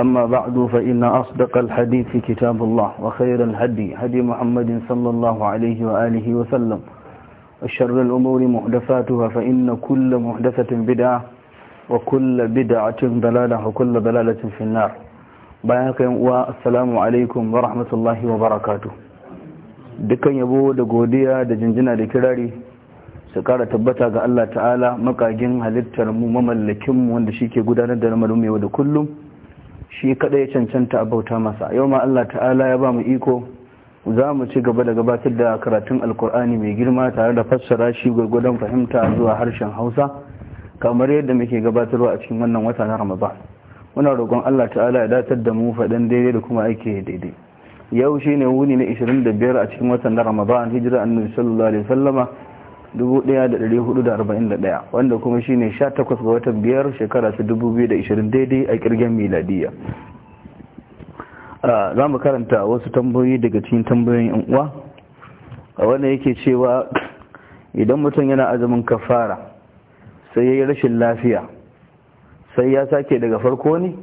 أما بعد فإن أصدق الحديث كتاب الله a الهدي هدي محمد صلى الله عليه وآله وسلم الشر الأمور محدثاتها فإن كل محدثة بدعة وكل بدعة ضلالة وكل ضلالة في النار bayan uwa assalamu alaikum wa rahmatullahi wa barakatu dukkan yabo da godiya da jinjina da kirari su kara tabbata ga allah ta'ala makagin halittar mu mamallakin mu wanda ke gudanar da namarumewa da kullum shi kada ya cancanta a bauta masa yau ma Allah ta'ala ya ba mu iko za mu ci gaba da gabatar da karatun alkur'ani mai girma tare da fassara shi gwargwadon fahimta zuwa harshen hausa kamar yadda muke gabatarwa a cikin wannan wata na ramadan muna roƙon Allah ta'ala ya datar da mu faɗin daidai da kuma aiki daidai yau shine wuni na 25 a cikin watan ramadan hijira annabi sallallahu alaihi wasallama 1441 wanda kuma shine 18 ga watan biyar shekara ta 2020 daidai a kirgen miladiya ah, za mu karanta wasu tambayoyi daga cikin tambayoyin uwa wanda yake cewa idan mutum yana azumin kafara sai ya yi rashin lafiya sai ya sake daga farko ne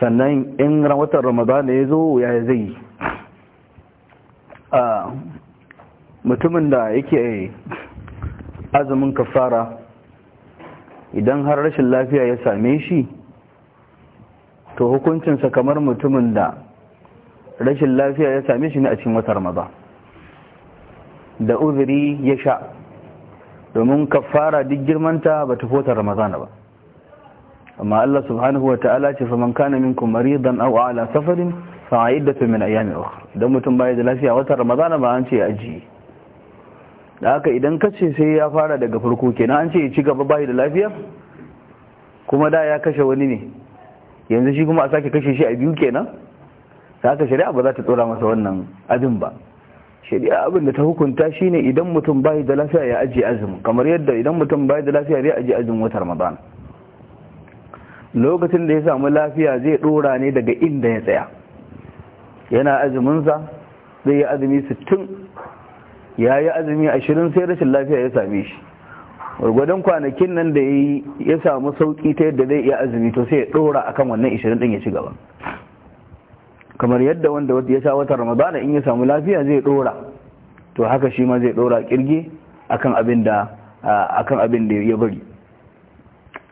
sannan in watan ramadana ya zo ya zai ah, mutumin da yake azumin kafara idan har rashin lafiya ya same shi to hukuncinsa kamar mutumin da rashin lafiya ya same shi ne a cikin watan ramadan da uzuri ya sha domin kafara duk girmanta ba ta fotar ramadan ba amma Allah subhanahu wa ta'ala ce fa man kana minkum maridan aw ala safarin fa min ayyamin ukhra idan mutum bai da lafiya watan ramazana ba an ce ajiye da haka idan kace sai ya fara daga farko kenan an ce ya ci gaba bai da lafiya kuma da ya kashe wani ne yanzu shi kuma a sake kashe shi a biyu kenan da haka shari'a ba za ta tsora masa wannan abin ba shari'a abin da ta hukunta shine idan mutum bai da lafiya ya ajiye azumi kamar yadda idan mutum bai da lafiya zai ajiye azumin watan ramadan lokacin da ya samu lafiya zai dora ne daga inda ya tsaya yana azuminsa zai yi azumi sittin. ya yi azumi ashirin sai rashin lafiya ya same shi gwargwadon kwanakin nan da ya samu sauki ta yadda zai iya azumi to sai ya dora akan wannan ashirin din ya ci gaba kamar yadda wanda ya sha watan ramadana in ya samu lafiya zai dora to haka shi ma zai dora kirge akan abin da abin da ya bari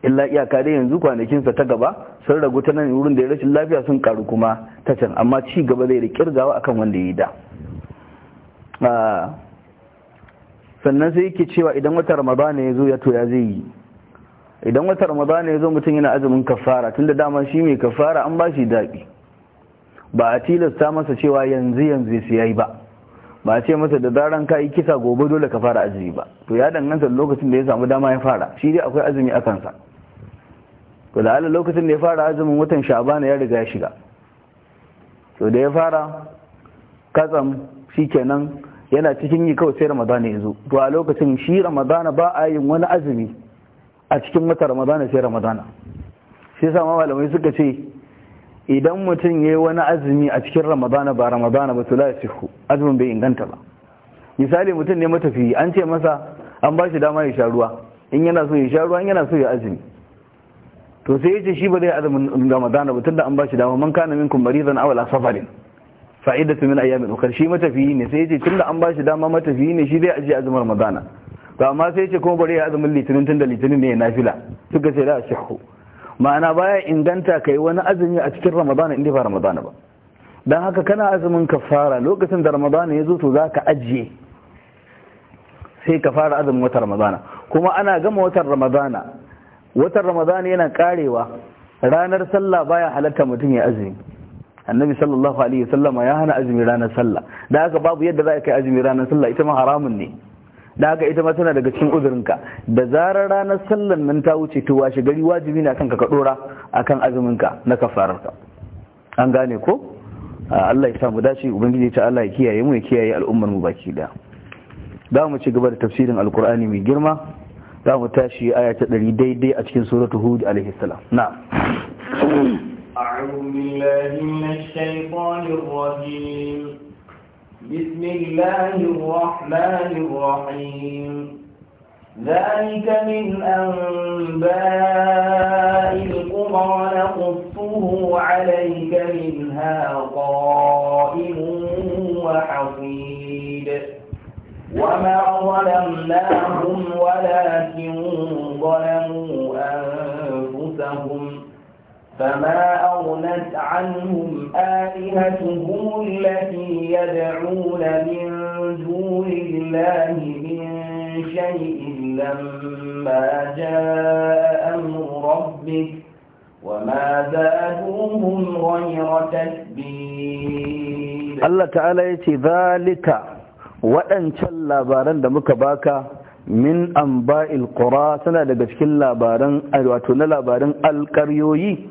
illa iyaka dai yanzu kwanakinsa ta gaba sun ragu ta nan wurin da ya rashin lafiya sun karu kuma ta can amma ci gaba zai da kirgawa akan wanda ya yi da sannan sai yake cewa idan wata ramadana ya zo ya to zai yi idan wata ramadana ya zo mutum yana azumin kafara da dama shi mai kafara an ba shi daɗi ba a tilasta masa cewa yanzu yanzu sai yi ba ba a ce masa da zaran ka yi kisa gobe dole ka fara azumi ba to ya danganta lokacin da ya samu dama ya fara shi dai akwai azumi a kansa to da ala lokacin da ya fara azumin watan sha'bana ya riga ya shiga to da ya fara katsam shi kenan. yana cikin yi kawai sai ramadana ya zo to a lokacin shi ramadana ba a yin wani azumi a cikin wata ramadana sai ramadana shi yasa ma malamai suka ce idan mutum ya yi wani azumi a cikin ramadana ba ramadana ba to la yasihu azumin bai inganta ba misali mutum ne matafiyi an ce masa an ba dama ya sha ruwa in yana so ya sha ruwa in yana so ya azumi to sai ya ce shi ba zai azumin ramadana ba tunda an ba shi dama man kana minkum maridan aw safarin fa'idatu min ayyamin ukhra shi matafiyi ne sai yace tunda an bashi dama matafiyi ne shi zai aje azumin ramadana to amma sai yace kuma bari ya azumin litinin tunda litinin ne nafila suka ce la ashihu ma'ana baya inganta kai wani azumi a cikin ramadana inda ba ramadana ba dan haka kana azumin kafara lokacin da ramadana ya zo to zaka ajiye sai ka fara azumin watan ramadana kuma ana gama watan ramadana watan ramadana yana karewa ranar sallah baya halatta mutum ya azumi annabi sallallahu alaihi wasallama ya hana azumi ranar sallah da haka babu yadda za ka yi azumi ranar sallah ita ma haramun ne da haka ita ma tana daga cikin uzurinka da zarar ranar sallan nan ta wuce to washe gari wajibi ne akan ka dora akan ka na ka. an gane ko Allah ya samu dace ubangiji ta Allah ya kiyaye mu ya kiyaye al'ummar mu baki da za mu ci gaba da tafsirin alkur'ani mai girma za mu tashi aya ta 100 daidai a cikin suratul hud alaihi salam na'am أعوذ بالله من الشيطان الرجيم بسم الله الرحمن الرحيم ذلك من أنباء القرى نقصه عليك منها قائم وحصيد وما ظلمناهم ولكن ظلموا أنفسهم فما أغنت عنهم آلهتهم التي يدعون من دون الله من شيء لما جاء أمر ربك وما زادوهم غير تتبير الله تعالى يتي ذلك waɗancan labaran da muka baka min an ba'il ƙura suna daga cikin labaran wato na labarin alƙaryoyi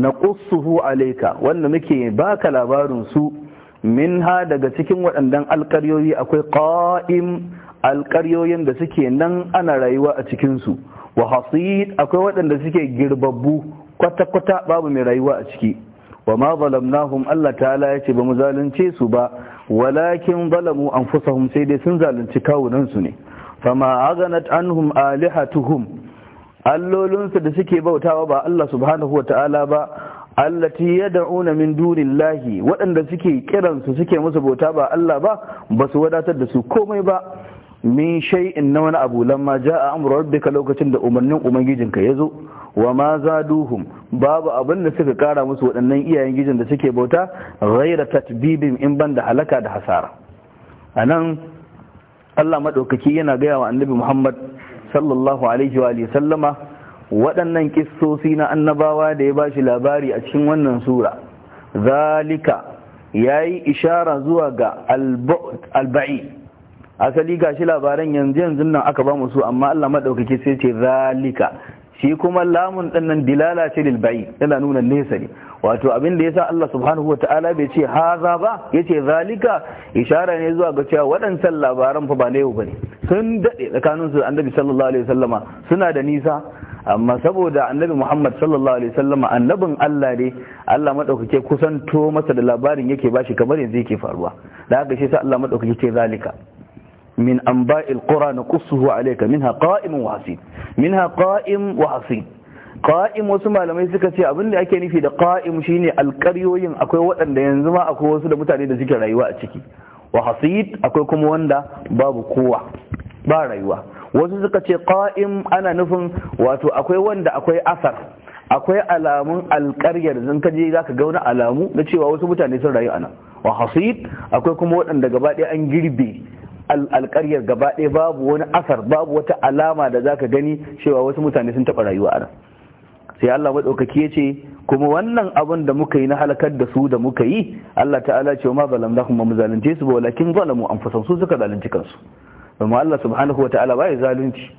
na ƙusuhu laika, wanda muke baka labarin su min ha daga cikin waɗannan alƙaryoyi akwai ƙa'im alƙaryoyin da suke nan ana rayuwa a cikinsu wa hasid akwai waɗanda suke girbabbu kwata-kwata babu mai rayuwa a ciki wa ma zalamnahum Allah ta'ala ya ce ba mu zalunce su ba walakin zalamu anfusahum sai dai sun zalunci kawunansu ne fama aghanat anhum alihatuhum allolinsa da suke bautawa ba Allah subhanahu wa ta'ala ba allati yad'una min dunillahi waɗanda suke kiransu suke musu bauta ba Allah ba basu wadatar da su komai ba min shay'in na wani abu lamma ja'a amru rabbika lokacin da umarnin ubangijinka zo. wa ma zaduhum babu abin da suka kara musu waɗannan iyayen gijin da suke bauta ghaira tatbibin in banda halaka da hasara anan Allah madaukaki yana gaya wa annabi Muhammad sallallahu alaihi wa sallama waɗannan kissosi na annabawa da ya ba shi labari a cikin wannan sura zalika ya yi ishara zuwa ga alba'i asali ga shi labaran yanzu yanzu nan aka ba mu su amma Allah maɗaukaki sai ce zalika shi kuma lamun ɗannan nan dilala ce lil yana nuna nesa ne wato abin da ya sa Allah subhanahu wa ta'ala bai ce haza ba Ya yace zalika ishara ne zuwa ga cewa waɗancan labaran fa ba ne sun daɗe tsakanin su annabi sallallahu alaihi wasallama suna da nisa amma saboda annabi Muhammad sallallahu alaihi wasallama annabin Allah ne Allah kusan to masa da labarin yake bashi kamar yanzu yake faruwa da haka shi sa Allah madaukake ce zalika min anba'il qura naqussuhu alayka minha qa'imun wa hasid minha qa'im wa hasid qa'im wasu malamai suka ce abin da ake nufi da qa'im shine alƙaryoyin akwai waɗanda yanzu ma akwai wasu da mutane da suke rayuwa a ciki wa hasid akwai kuma wanda babu kowa ba rayuwa wasu suka ce qa'im ana nufin wato akwai wanda akwai asar akwai alamun alƙaryar zan kaje za ka gauna alamu na cewa wasu mutane sun rayu anan. wa hasid akwai kuma waɗanda gaba ɗaya an girbe alƙaryar gaba ɗaya babu wani asar babu wata alama da za ka gani cewa wasu mutane sun taɓa rayuwa a nan sai Allah maɗaukaki ya ce kuma wannan abin da muka yi na halakar da su da muka yi Allah ta'ala ce ma zalamna kuma mu zalunce su ba walakin zalamu anfusahum su suka zalunci kansu domin Allah subhanahu wa ta'ala ya zalunci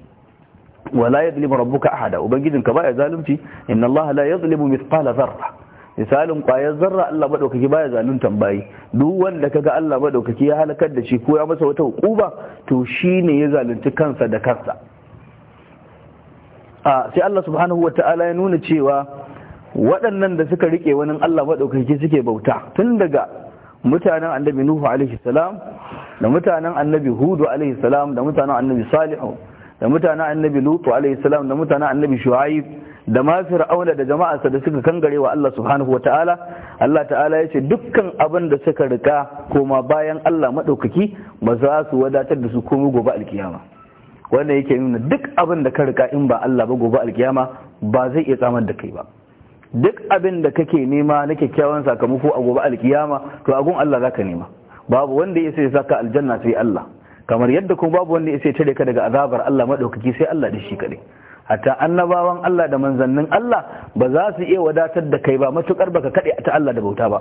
wala yadlimu rabbuka ahada ubangijinka baya zalunci inna Allah la yadlimu mithqala zarra misalin kwayar zarra Allah maɗaukaki baya zanen tambayi. duk wanda kaga Allah maɗaukaki ya halakar da shi ko ya masa wata hukuma to shi ne ya zalunci kansa da kansa a sai Allah subhanahu wataala ya nuna cewa waɗannan da suka rike wani Allah maɗaukaki suke bauta tun daga mutanen annabi Nuhu alaihi da mutanen annabi Hudu alaihi da mutanen annabi Salihu da mutanen annabi lutu alaihi salam da mutanen annabi shu'aib da ma fir'auna da jama'arsa da suka kangare wa Allah subhanahu wa ta'ala Allah ta'ala ya ce dukkan abin da suka rika koma bayan Allah madaukaki ba za su wadatar da su komai gobe alkiyama wannan yake nuna duk abin da ka rika in ba Allah ba gobe alkiyama ba zai iya tsamar da kai ba duk abin da kake nema na kyakkyawan sakamako a gobe alkiyama to a gun Allah zaka nema babu wanda ya sai saka aljanna sai Allah kamar yadda kuma babu wanda ya sai ka daga azabar Allah madaukaki sai Allah da shi kadai hatta annabawan Allah da manzannin Allah ba za su iya wadatar da kai ba matukar baka kade ta Allah da bauta ba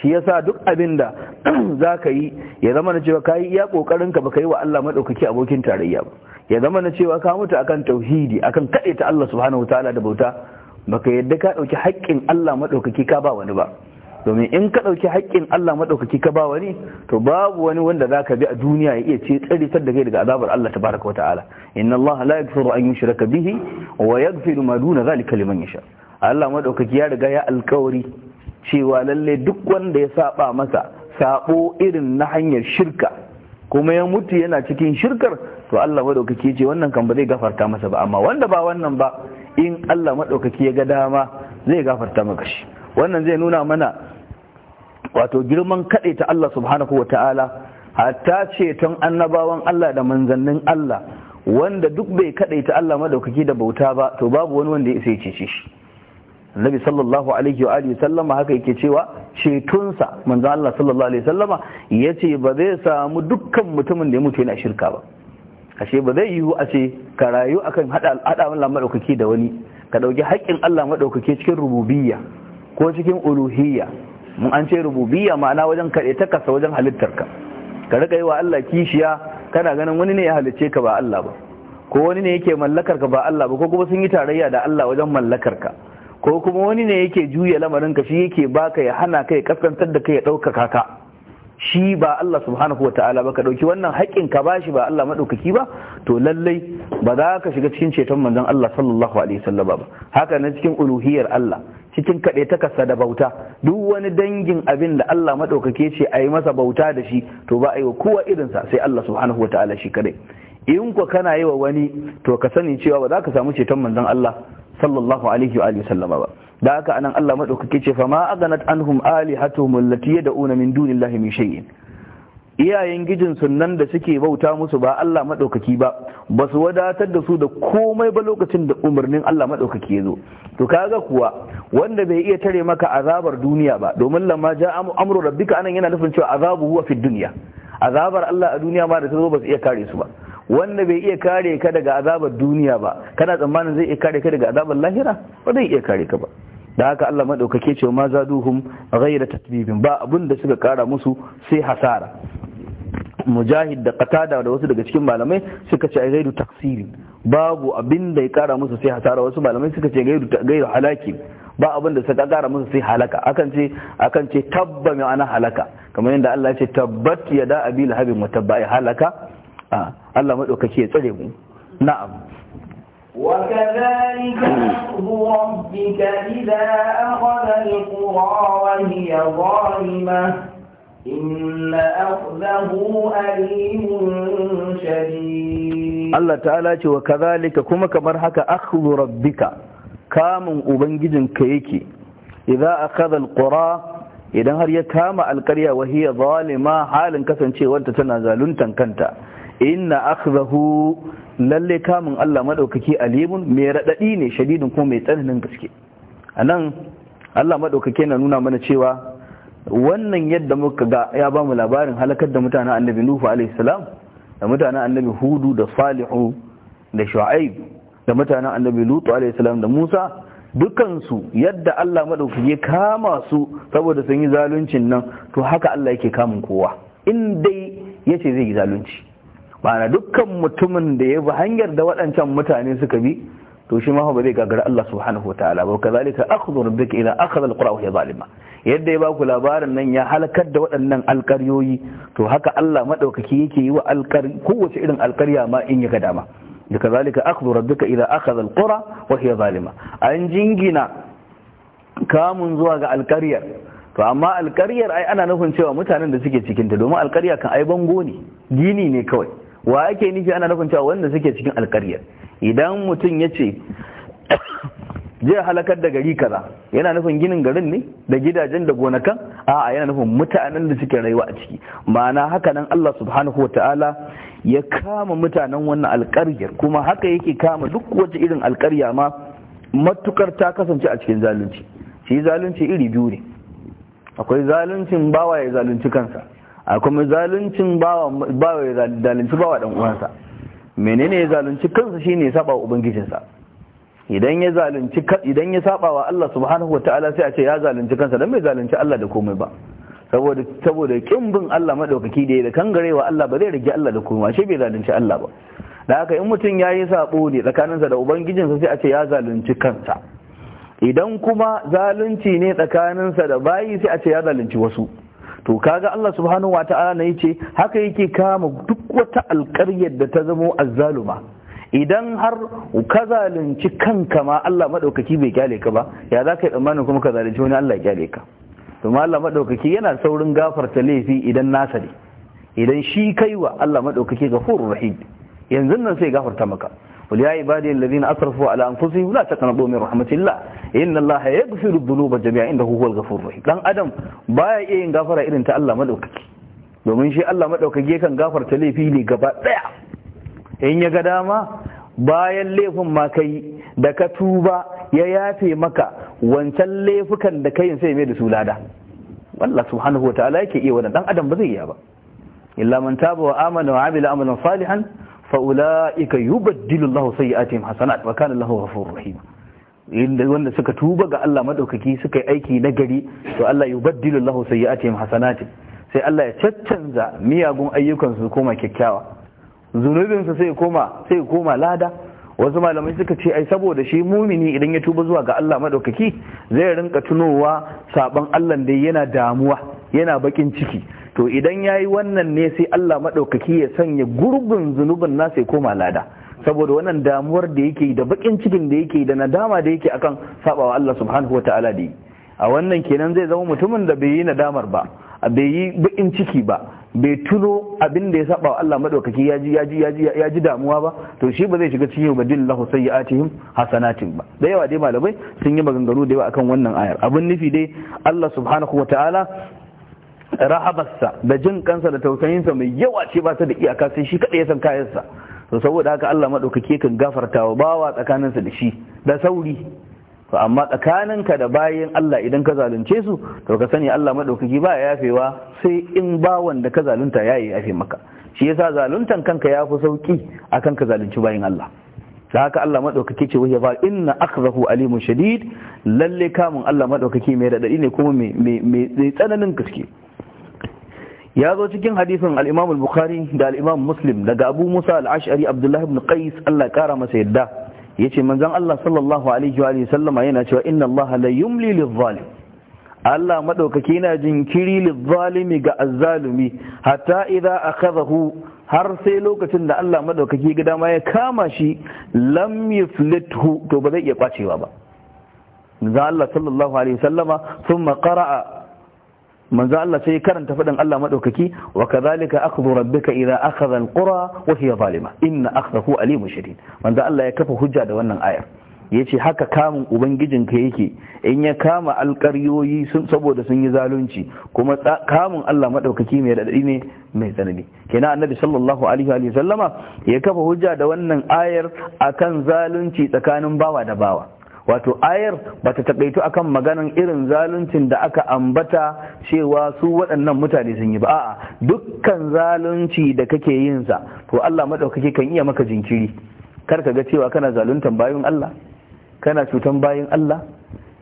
shi yasa duk abin da za ka yi ya zama na cewa ka yi iya kokarin ka baka yi wa Allah madaukaki abokin tarayya ba ya zama na cewa ka mutu akan tauhidi akan kade ta Allah subhanahu wataala da bauta baka yadda ka ɗauki haƙƙin Allah madaukaki ka ba wani ba domin in ka ɗauki haƙƙin Allah maɗaukaki ka ba wani to babu wani wanda za ka bi a duniya ya iya ce tsaritar da kai daga azabar Allah ta baraka ala inna Allah la yaghfiru an yushraka bihi wa yaghfiru ma duna zalika liman yasha Allah maɗaukaki ya riga ya alkawari cewa lalle duk wanda ya saba masa sabo irin na hanyar shirka kuma ya mutu yana cikin shirkar to Allah maɗaukaki ce wannan kan ba zai gafarta masa ba amma wanda ba wannan ba in Allah maɗaukaki ya ga dama zai gafarta maka shi wannan zai nuna mana wato girman kaɗe ta Allah subhanahu wa ta'ala hatta ceton annabawan Allah da manzannin Allah wanda duk bai kaɗe ta Allah madaukaki da bauta ba to babu wani wanda ya sai ce shi annabi sallallahu alaihi wa alihi sallama haka yake cewa cetonsa manzon Allah sallallahu alaihi sallama ce ba zai samu dukkan mutumin da ya mutu yana shirka ba ashe ba zai yiwu a ce ka rayu akan hada hada Allah madaukaki da wani ka dauki haƙƙin Allah madaukaki cikin rububiyya ko cikin uluhiyya mun an ce rububiyya ma'ana wajen kaɗe ta kasa wajen halittar ka riƙa yi wa Allah kishiya kana ganin wani ne ya halicce ka ba Allah ba ko wani ne yake mallakar ka ba Allah ba ko kuma sun yi tarayya da Allah wajen mallakar ka ko kuma wani ne yake juya lamarin ka shi yake baka ya hana ka ya kaskantar da ka ya ɗaukaka ka shi ba Allah subhanahu wa ta'ala ba ka ɗauki wannan haƙƙin ka ba shi ba Allah maɗaukaki ba to lallai ba za ka shiga cikin ceton manzon Allah sallallahu alaihi wasallam ba haka na cikin uluhiyar Allah cikin kaɗaitakarsa da bauta duk wani dangin abin da Allah maɗaukake ce a yi masa bauta da shi to ba a yi wa kowa irinsa sai Allah subhanahu wa ta'ala shi kadai in ku kana yi wa wani to ka sani cewa ba za ka samu ceton manzon Allah sallallahu alaihi wa sallama ba da haka anan Allah maɗaukake ce fa ma aganat anhum alihatuhum allati yad'una min dunillahi min shay'in iyayen gijin sunan da suke bauta musu ba Allah maɗaukaki ba ba su wadatar da su da komai ba lokacin da umarnin Allah maɗaukaki ya zo to kaga kuwa wanda bai iya tare maka azabar duniya ba domin lamma ja amru rabbika anan yana nufin cewa azabu huwa fi dunya azabar Allah a duniya ma da ta zo ba su iya kare su ba wanda bai iya kare ka daga azabar duniya ba kana tsammanin zai iya kare ka daga azabar lahira ba zai iya kare ka ba da haka Allah maɗaukake cewa ma zaduhum ghayra tatbibin ba abun da suka kara musu sai hasara mujahid da qatada da wasu daga cikin malamai suka ce ai gairu taksiri babu abin da ya kara musu sai hasara wasu malamai suka ce gairu gairu halaki ba abin da suka kara musu sai halaka akan ce akan ce tabba mai ana halaka kamar yadda Allah ya ce tabbat da abi lahabin wa tabba ai halaka Allah madaukake ya tsare mu na'am وكذلك أخذ ربك إذا أخذ القرى وهي ظالمة Allah أخذه أليم شديد الله تعالى وكذلك كما haka, حكى أخذ ربك kamun ka yake idan akhadha alqura idan har ya kama alqarya wa hiya zalima halin kasancewarta tana zaluntan kanta inna akhdahu lalle kamun Allah madaukaki alimun mai radadi ne shadidin kuma mai tsananin gaske anan Allah madaukake na nuna mana cewa wannan yadda muka ga ya ba mu labarin halakar da mutanen annabi nuhu alaihi salam da mutanen annabi hudu da salihu da shu'aib da mutanen annabi lutu alaihi salam da musa dukansu yadda Allah maɗaukaki ya kama su saboda sun yi zaluncin nan to haka Allah yake kamun kowa in dai yace zai yi zalunci ba dukkan mutumin da ya bi hanyar da waɗancan mutane suka bi to shi ma ba zai gagara Allah subhanahu wataala ba kazalika akhdhu rabbika ila akhadha alqura wa hiya zalima yadda ya baku labarin nan ya halakar da waɗannan alƙaryoyi to haka Allah maɗaukaki yake yi wa kowace irin alƙarya ma in ya ga dama da kazalika akhdhu rabbuka idan akhadha alqura wa hiya zalima an jingina kamun zuwa ga alkaryar to amma alkaryar ai ana nufin cewa mutanen da suke cikin ta domin alkarya kan ai bango ne gini ne kawai wa ake nufi ana nufin cewa wanda suke cikin alkaryar idan mutum ya ce zai halakar da gari kaza yana nufin ginin garin ne da gidajen da gonakan a'a yana nufin mutanen da suke rayuwa a ciki ma'ana haka nan Allah subhanahu wa ta'ala ya kama mutanen wannan alƙaryar kuma haka yake kama duk wata irin alƙarya ma matukar ta kasance a cikin zalunci shi zalunci iri biyu ne akwai zaluncin bawa ya zalunci kansa akwai zaluncin bawa ya zalunci bawa dan uwansa menene ya zalunci kansa shine ya saba ubangijinsa idan ya zalunci idan ya saba wa Allah subhanahu wataala sai a ce ya zalunci kansa dan bai zalunci Allah da komai ba saboda saboda kin bin Allah madaukaki da da kangarewa Allah ba zai rage Allah da komai ba shi bai zalunci Allah ba da haka in mutum ya yi sabo ne tsakaninsa da ubangijinsa sai a ce ya zalunci kansa idan kuma zalunci ne tsakaninsa da bayi sai a ce ya zalunci wasu to kaga Allah subhanahu wataala ne ce, haka yake kama duk wata alƙaryar da ta zamo azzaluma idan har ka zalunci kanka ma Allah madaukaki bai kyale ka ba ya za ka yi tsammanin kuma ka zalunci wani Allah ya kyale ka to ma Allah yana saurin gafarta laifi idan nasa ne idan shi kaiwa Allah madaukaki gafurur rahim yanzu nan sai gafarta maka قل يا عبادي الذين أسرفوا على أنفسهم لا تقنطوا من رحمة الله إن الله يغفر jami'a جميعا إنه هو الغفور dan adam baya iya yin gafara irin ta Allah madaukaki domin shi Allah madaukaki yakan gafarta laifi ne gaba daya in ya ga dama bayan laifin ma kai da ka tuba ya yafe maka wancan laifukan da kai sai mai da su lada Allah subhanahu wa ta'ala yake iya wannan dan adam ba zai iya ba illa man taba wa amana wa amila amalan salihan fa ulaika yubaddilu Allahu sayiatihim hasanat wa kana Allahu ghafurur rahim inda wanda suka tuba ga Allah madaukaki suka yi aiki na gari to Allah yubaddilu Allahu sayiatihim hasanat sai Allah ya caccanza miyagun ayyukan su koma kyakkyawa zunubinsa sai koma sai koma lada wasu malamai suka ce ai saboda shi mumini idan ya tuba zuwa ga Allah madaukaki zai rinka tunowa saban Allah da yana damuwa yana bakin ciki to idan yayi wannan ne sai Allah madaukaki ya sanya gurbin zunubin nasa ya koma lada saboda wannan damuwar da yake da bakin cikin da yake da nadama da yake akan sabawa Allah subhanahu wataala da a wannan kenan zai zama mutumin da bai yi nadamar ba bai yi bakin ciki ba bai tuno abin da ya saba wa Allah madaukaki ya ji ya ji damuwa ba to shi ba zai shiga cikin badil lahu sayyi'atihim hasanatin ba da yawa dai malamai sun yi maganganu da yawa akan wannan ayar abin nufi dai Allah subhanahu wataala rahabarsa da jin kansa da tausayinsa mai yawa ce ba ta da iyaka sai shi kaɗai ya san kayansa to saboda haka Allah maɗaukaki kan gafarta wa bawa tsakaninsa da shi da sauri to amma tsakaninka da bayan Allah idan ka zalunce su to ka sani Allah madaukaki ba ya yafewa sai in bawan da ka zalunta ya yafe maka shi yasa zaluntan kanka ya fi sauki akan ka zalunci bayan Allah da haka Allah maɗaukaki ce wahya ba inna akhzahu alimun shadid lalle kamun Allah maɗaukaki mai radadi ne kuma mai tsananin gaske ya zo cikin hadisin al-Imam al-Bukhari da al-Imam Muslim daga Abu Musa al-Ash'ari Abdullah ibn Qais Allah ya kara masa yadda yace manzon Allah sallallahu alaihi wa sallama yana cewa inna Allah la yumli lil Allah madaukaki yana jinkiri lil ga azzalumi hatta idza akhadahu har sai lokacin da Allah madaukaki ga dama ya kama shi lam yuflithu to ba zai iya kwacewa ba manzon Allah sallallahu alaihi wa sallama thumma qara'a manzo Allah sai karanta fadin Allah madaukaki wa kadhalika akhdhu rabbika idha akhadha alqura wa hiya zalima inna akhdahu alimun shadid manzo Allah ya kafa hujja da wannan ayar yace haka kamun ubangijinka yake in ya kama alƙaryoyi sun saboda sun yi zalunci kuma kamun Allah madaukaki mai radadi ne mai tsanani kenan annabi sallallahu alaihi wa sallama ya kafa hujja da wannan ayar akan zalunci tsakanin bawa da bawa wato ayar ba ta takaitu akan maganan irin zaluncin da aka ambata cewa su waɗannan mutane sun yi ba a'a dukkan zalunci da kake yin sa to Allah madaukake kan iya maka jinkiri kar ka ga cewa kana zaluntan bayin Allah kana cutan bayin Allah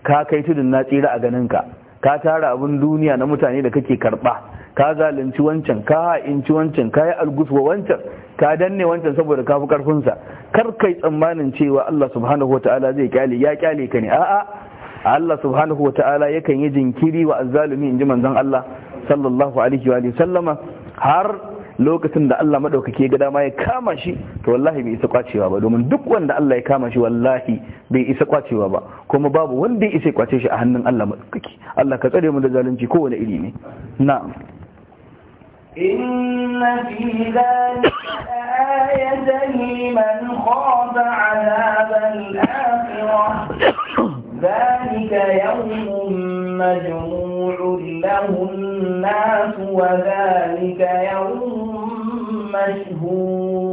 ka kai tudun na tsira a ganin ka ka tara abun duniya na mutane da kake karba ka zalunci wancan ka ha'inci wancan ka yi alguswa wancan ka danne wancan saboda ka fi karfinsa kar kai tsammanin cewa Allah subhanahu wa ta'ala zai kyale ya kyale ka ne a'a Allah subhanahu wa ta'ala yakan yi jinkiri wa azzalumi inji manzon Allah sallallahu alaihi wa sallama har lokacin da Allah madaukake ga dama ya kama shi to wallahi bai isa kwacewa ba domin duk wanda Allah ya kama shi wallahi bai isa kwacewa ba kuma babu wanda ya isa kwace shi a hannun Allah madaukake Allah ka tsare mu da zalunci kowane iri ne na'am إن في ذلك آية لمن خاف عذاب الآخرة ذلك يوم مجموع له الناس وذلك يوم مشهور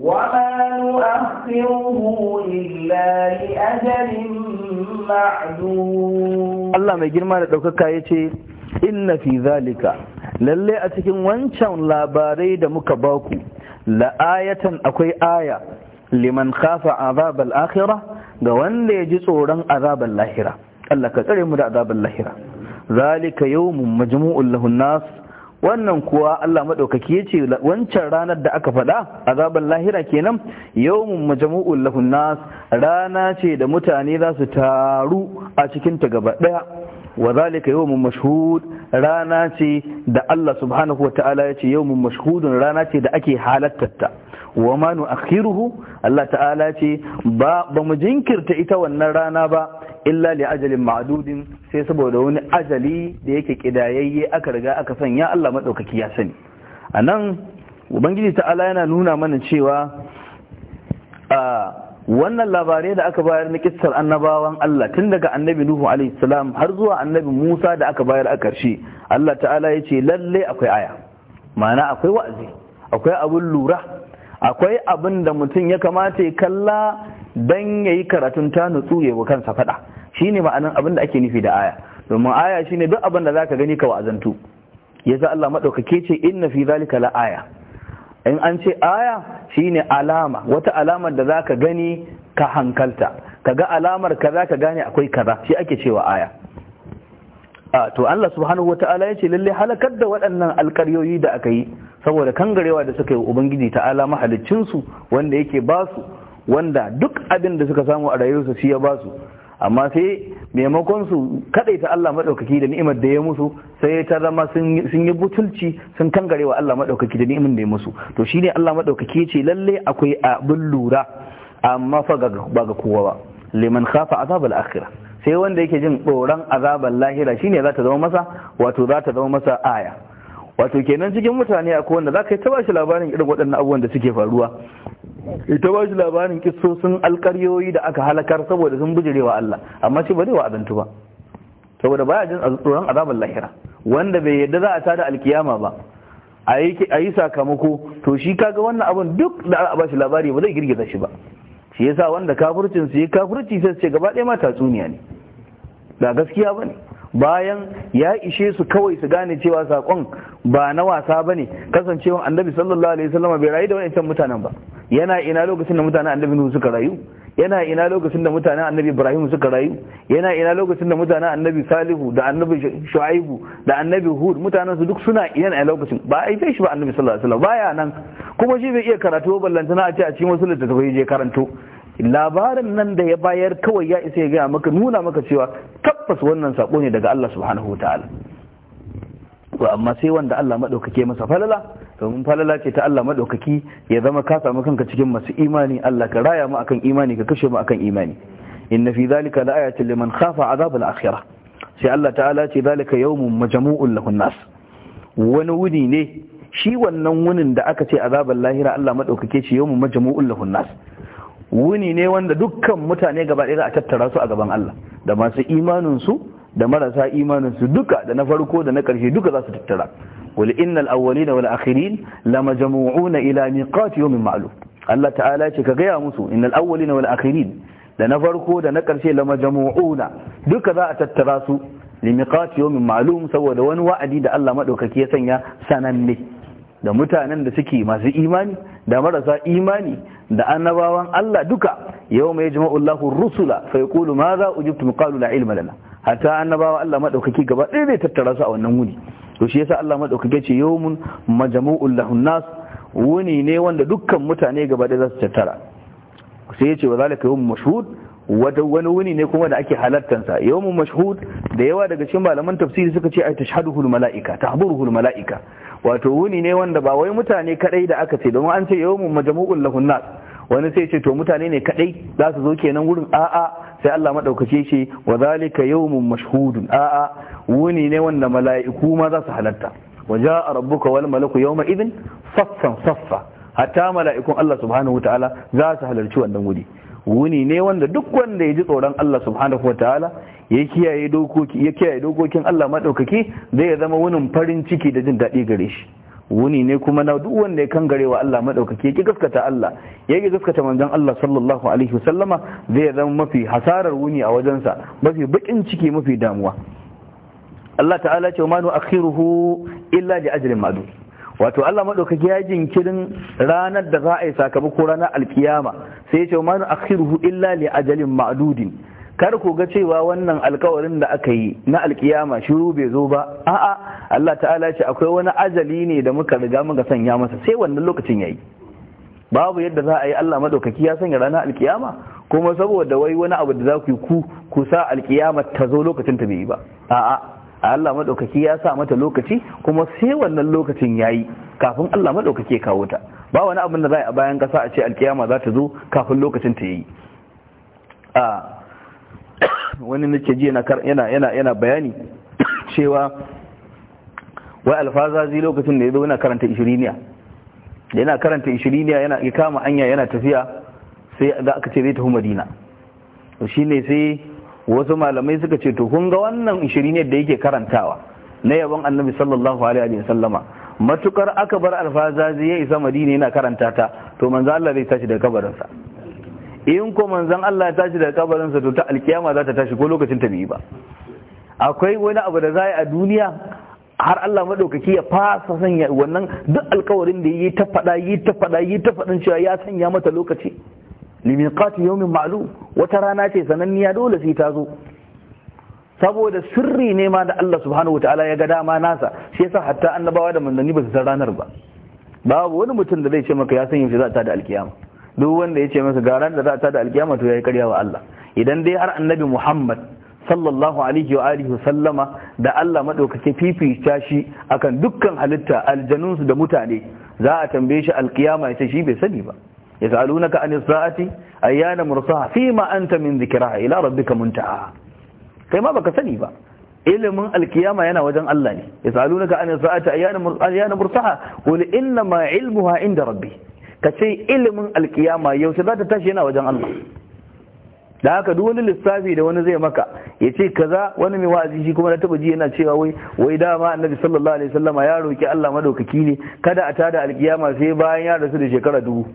وما نؤخره إلا لأجل معدوم الله ما يجرم لدوكك يتي إن fi zalika. lalle a cikin wancan labarai da muka baku la'ayatan akwai aya liman khafa azabal akhira ga wanda ya ji tsoron azabal lahira Allah ka tsare mu da azabal lahira zalika yawmun majmu'un lahun nas wannan kuwa Allah maɗaukaki ya ce wancan ranar da aka faɗa a azaban lahira kenan yawmun majmu'ul lahun nas rana ce da mutane za su taru a cikin ta gaba ɗaya wa zalika yawmun mashhud rana ce da Allah subhanahu wa ta'ala ya ce mashudun mashhudun rana ce da ake halattatta wa ma akhiruhu Allah ta'ala ce ba ba mu jinkirta ita wannan rana ba illa li ajalin ma'adudin sai saboda wani ajali da yake kidayayye aka riga aka sanya Allah madaukaki ya sani anan ubangiji ta'ala yana nuna mana cewa a wannan labarai da aka bayar na kissar annabawan Allah tun daga annabi Nuhu alaihi har zuwa annabi Musa da aka bayar a ƙarshe, Allah ta'ala ya ce lalle akwai aya ma'ana akwai wa'azi akwai abun lura akwai abin da mutum ya kamata ya kalla dan yayi karatun ta nutsu ya wa kansa fada shine ma'anan abin da ake nufi da aya domin aya shine duk abin da zaka gani ka wa'azantu yasa Allah madaukake ce inna fi zalika la aya in an ce aya shine alama wata alamar da zaka gani ka hankalta Ka ga alamar za ka gane akwai kaza shi ake cewa aya a to Allah subhanahu wataala yace lalle halakar da waɗannan alƙaryoyi da aka yi saboda kangarewa da suka yi ubangiji ta'ala mahaliccin su wanda yake ba su wanda duk abin da suka samu a rayuwarsu shi ya ba su amma sai maimakon su kadaita Allah madaukaki da ni'imar da ya musu sai ta zama sun yi butulci sun kangare wa Allah madaukaki da ni'imar da ya musu to shine Allah madaukaki ce lalle akwai abin lura amma fa ba ga kowa ba liman khafa azabal akhirah sai wanda yake jin tsoron azabar lahira shine za ta zama masa wato za ta zama masa aya wato kenan cikin mutane akwai wanda za ka yi ta ba shi labarin irin waɗannan abubuwan da suke faruwa ita ba shi labarin kisosin alkaryoyi da aka halakar saboda sun bijirewa Allah amma shi ba zai wa'adantu ba saboda baya jin tsoron azabar lahira wanda bai yadda za a tada alkiyama ba a yi sakamako to shi kaga wannan abin duk da a ba labari ba zai girgiza shi ba shi yasa wanda kafurcin su yi kafirci sai su ce gaba ɗaya ma tatsuniya ne ba gaskiya ba ne bayan ya ishe su kawai su gane cewa sakon ba na wasa ba ne kasancewa annabi sallallahu alaihi wasallama bai rayu da wancan mutanen ba yana ina lokacin da mutanen annabi nuhu suka rayu yana ina lokacin da mutanen annabi ibrahim suka rayu yana ina lokacin da mutanen annabi salihu da annabi shu'aibu da annabi hud mutanen su duk suna ina a lokacin ba a yi shi ba annabi sallallahu alaihi wasallam baya nan kuma shi bai iya karatu ballantana a ce a cikin wasu littattafai je karanto labarin nan da ya bayar kawai ya isa ya gaya maka nuna maka cewa tabbas wannan sako ne daga Allah subhanahu wataala to amma sai wanda Allah madaukake masa falala domin falala ce ta Allah madaukaki ya zama ka samu kanka cikin masu imani Allah ka raya mu akan imani ka kashe mu akan imani inna fi zalika laayatin liman khafa azab al-akhirah sai Allah ta'ala ce zalika yawmun majmu'un lahun nas wani wuni ne shi wannan wunin da aka ce azabal lahira Allah madaukake shi yawmun majmu'un lahun nas wuni ne wanda dukkan mutane gaba ɗaya za a tattara su a gaban Allah da masu imaninsu da marasa imaninsu duka da na farko da na ƙarshe duka za su tattara wal innal awwalina wal akhirin lamajmu'una ila miqati yawmin ma'lum Allah ta'ala ce ka gaya musu innal da wani akhirin da na farko da na ƙarshe lamajmu'una duka za a tattara su limiqati yawmin ma'lum saboda wani wa'adi da Allah madaukaki ya sanya sananne da mutanen da suke masu imani da marasa imani da annabawan Allah duka yau mai jima'u Allahu rusula fa yaqulu ma za ujibtum qalu la ilma lana hatta annabawa Allah madaukaki gaba ɗaya zai tattara su a wannan wuni to shi yasa Allah madaukaki ce yawmun majmu'ul lahun nas wuni ne wanda dukkan mutane gaba ɗaya za su tattara sai ya ce wa zalika yawmun mashhud wata wani wuni ne kuma da ake halartar sa yawmun mashhud da yawa daga cikin malaman tafsiri suka ce ay tashhaduhul mala'ika tahburuhul mala'ika wato wuni ne wanda ba wai mutane kadai da aka ce domin an ce yau mun lahun nas wani sai ce to mutane ne kadai za su zo kenan wurin a'a sai Allah madaukake shi wa zalika yawmun mashhudun a'a wuni ne wanda mala'iku ma za su halatta, wa ja'a rabbuka wal malaku yawma idhin saffan saffa hatta mala'ikun Allah subhanahu wataala za su halarci wannan wuri wuni ne wanda duk wanda ya ji tsoron Allah subhanahu wataala ya kiyaye dokoki ya kiyaye dokokin Allah madaukake zai zama wunin farin ciki da jin daɗi gare shi wuni ne kuma na duk wanda ya kangare wa Allah madaukake ya ki gaskata Allah ya ki gaskata manzon Allah sallallahu alaihi wasallama zai zama mafi hasarar wuni a wajensa mafi bakin ciki mafi damuwa Allah ta'ala ce ma nu akhiruhu illa li ajrin madu wato Allah madaukake ya jinkirin ranar da za a yi sakamako ranar alkiyama sai ya ce ma nu akhiruhu illa li ajalin ma'dudin kar ku ga cewa wannan alkawarin da aka yi na alkiyama shiru bai zo ba a'a Allah ta'ala ce akwai wani ajali ne da muka riga muka sanya masa sai wannan lokacin yayi babu yadda za a yi Allah madaukaki ya sanya ranar alkiyama kuma saboda wai wani abu da za ku yi ku ku sa alkiyama ta zo lokacin ta bai yi ba a'a Allah madaukaki ya sa mata lokaci kuma sai wannan lokacin yayi kafin Allah madaukaki ya kawo ta ba wani abin da za a bayan kasa a ce alkiyama za ta zo kafin lokacin ta yayi wani nake ji yana bayani cewa wai alfazazi lokacin da ya zo yana karanta ishiriniya da yana karanta ishiriniya yana kama anya yana tafiya sai da aka ce zai tafi madina to shine sai wasu malamai suka ce to kun ga wannan ishiriniyar da yake karantawa na yabon annabi sallallahu alaihi wa sallama matukar aka bar alfazazi ya isa madina yana karanta ta to manzo Allah zai tashi daga kabarinsa in ko manzon Allah ya tashi daga kabarinsa to ta alkiyama za ta tashi ko lokacin ta bi ba akwai wani abu da za a duniya har Allah madaukaki ya fasa sanya wannan duk alkawarin da yi ta faɗa yi ta faɗa yi ta fadin cewa ya sanya mata lokaci limiqati yawmin ma'lum wata rana ce sananniya dole sai ta zo saboda sirri ne ma da Allah subhanahu wataala ya ga dama nasa shi yasa hatta annabawa da manzanni ba su san ranar ba babu wani mutum da zai ce maka ya san shi za ta da alkiyama duk wanda ya ce masa ga ran da za a da alkiyama to yayi karya wa Allah idan dai har annabi Muhammad sallallahu alaihi wa alihi sallama da Allah madaukake fifita shi akan dukkan halitta aljanunsu da mutane za a tambaye shi alkiyama ya ce shi bai sani ba yasalunaka anis sa'ati ayyana mursaha fima anta min dhikraha ila rabbika muntaha kai ma baka sani ba ilimin alkiyama yana wajen Allah ne yasalunaka anis sa'ati ayyana mursaha wani inna ma ilmuha inda rabbi ka ce ilimin alkiyama yaushe za ta tashi yana wajen Allah da haka duk wani lissafi da wani zai maka ya ce kaza wani mai wa'azi shi kuma na taba ji yana cewa wai wai dama annabi sallallahu alaihi wasallama ya roki Allah madaukaki ne kada a tada alkiyama sai bayan ya rasu da shekara dubu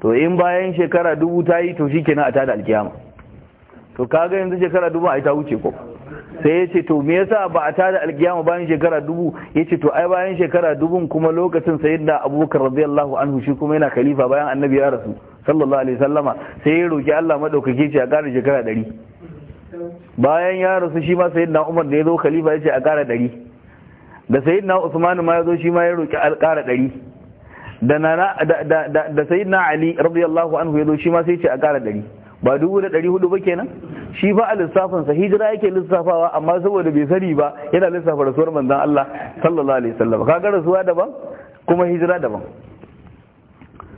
to in bayan shekara dubu ta yi to shi kenan a tada alkiyama to kaga yanzu shekara dubu a yi ta wuce ko sai ya ce to me yasa ba a tada alkiyama bayan shekara dubu ya ce to ai bayan shekara dubun kuma lokacin da abubakar radiyallahu anhu shi kuma yana khalifa bayan annabi ya rasu sallallahu alaihi sallama sai ya roki Allah madaukake ce a ƙara shekara ɗari bayan ya rasu shi ma da umar da ya zo khalifa ya ce a ƙara ɗari da da usman ma ya zo shi ma ya roki a ƙara ɗari da sayyidina ali radiyallahu anhu ya zo shi ma sai ce a ƙara ɗari ba dubu da ɗari hudu ba kenan shi ba a sa hijira yake lissafawa amma saboda bai sani ba yana lissafa rasuwar manzon Allah sallallahu alaihi wasallam kaga rasuwa daban kuma hijira daban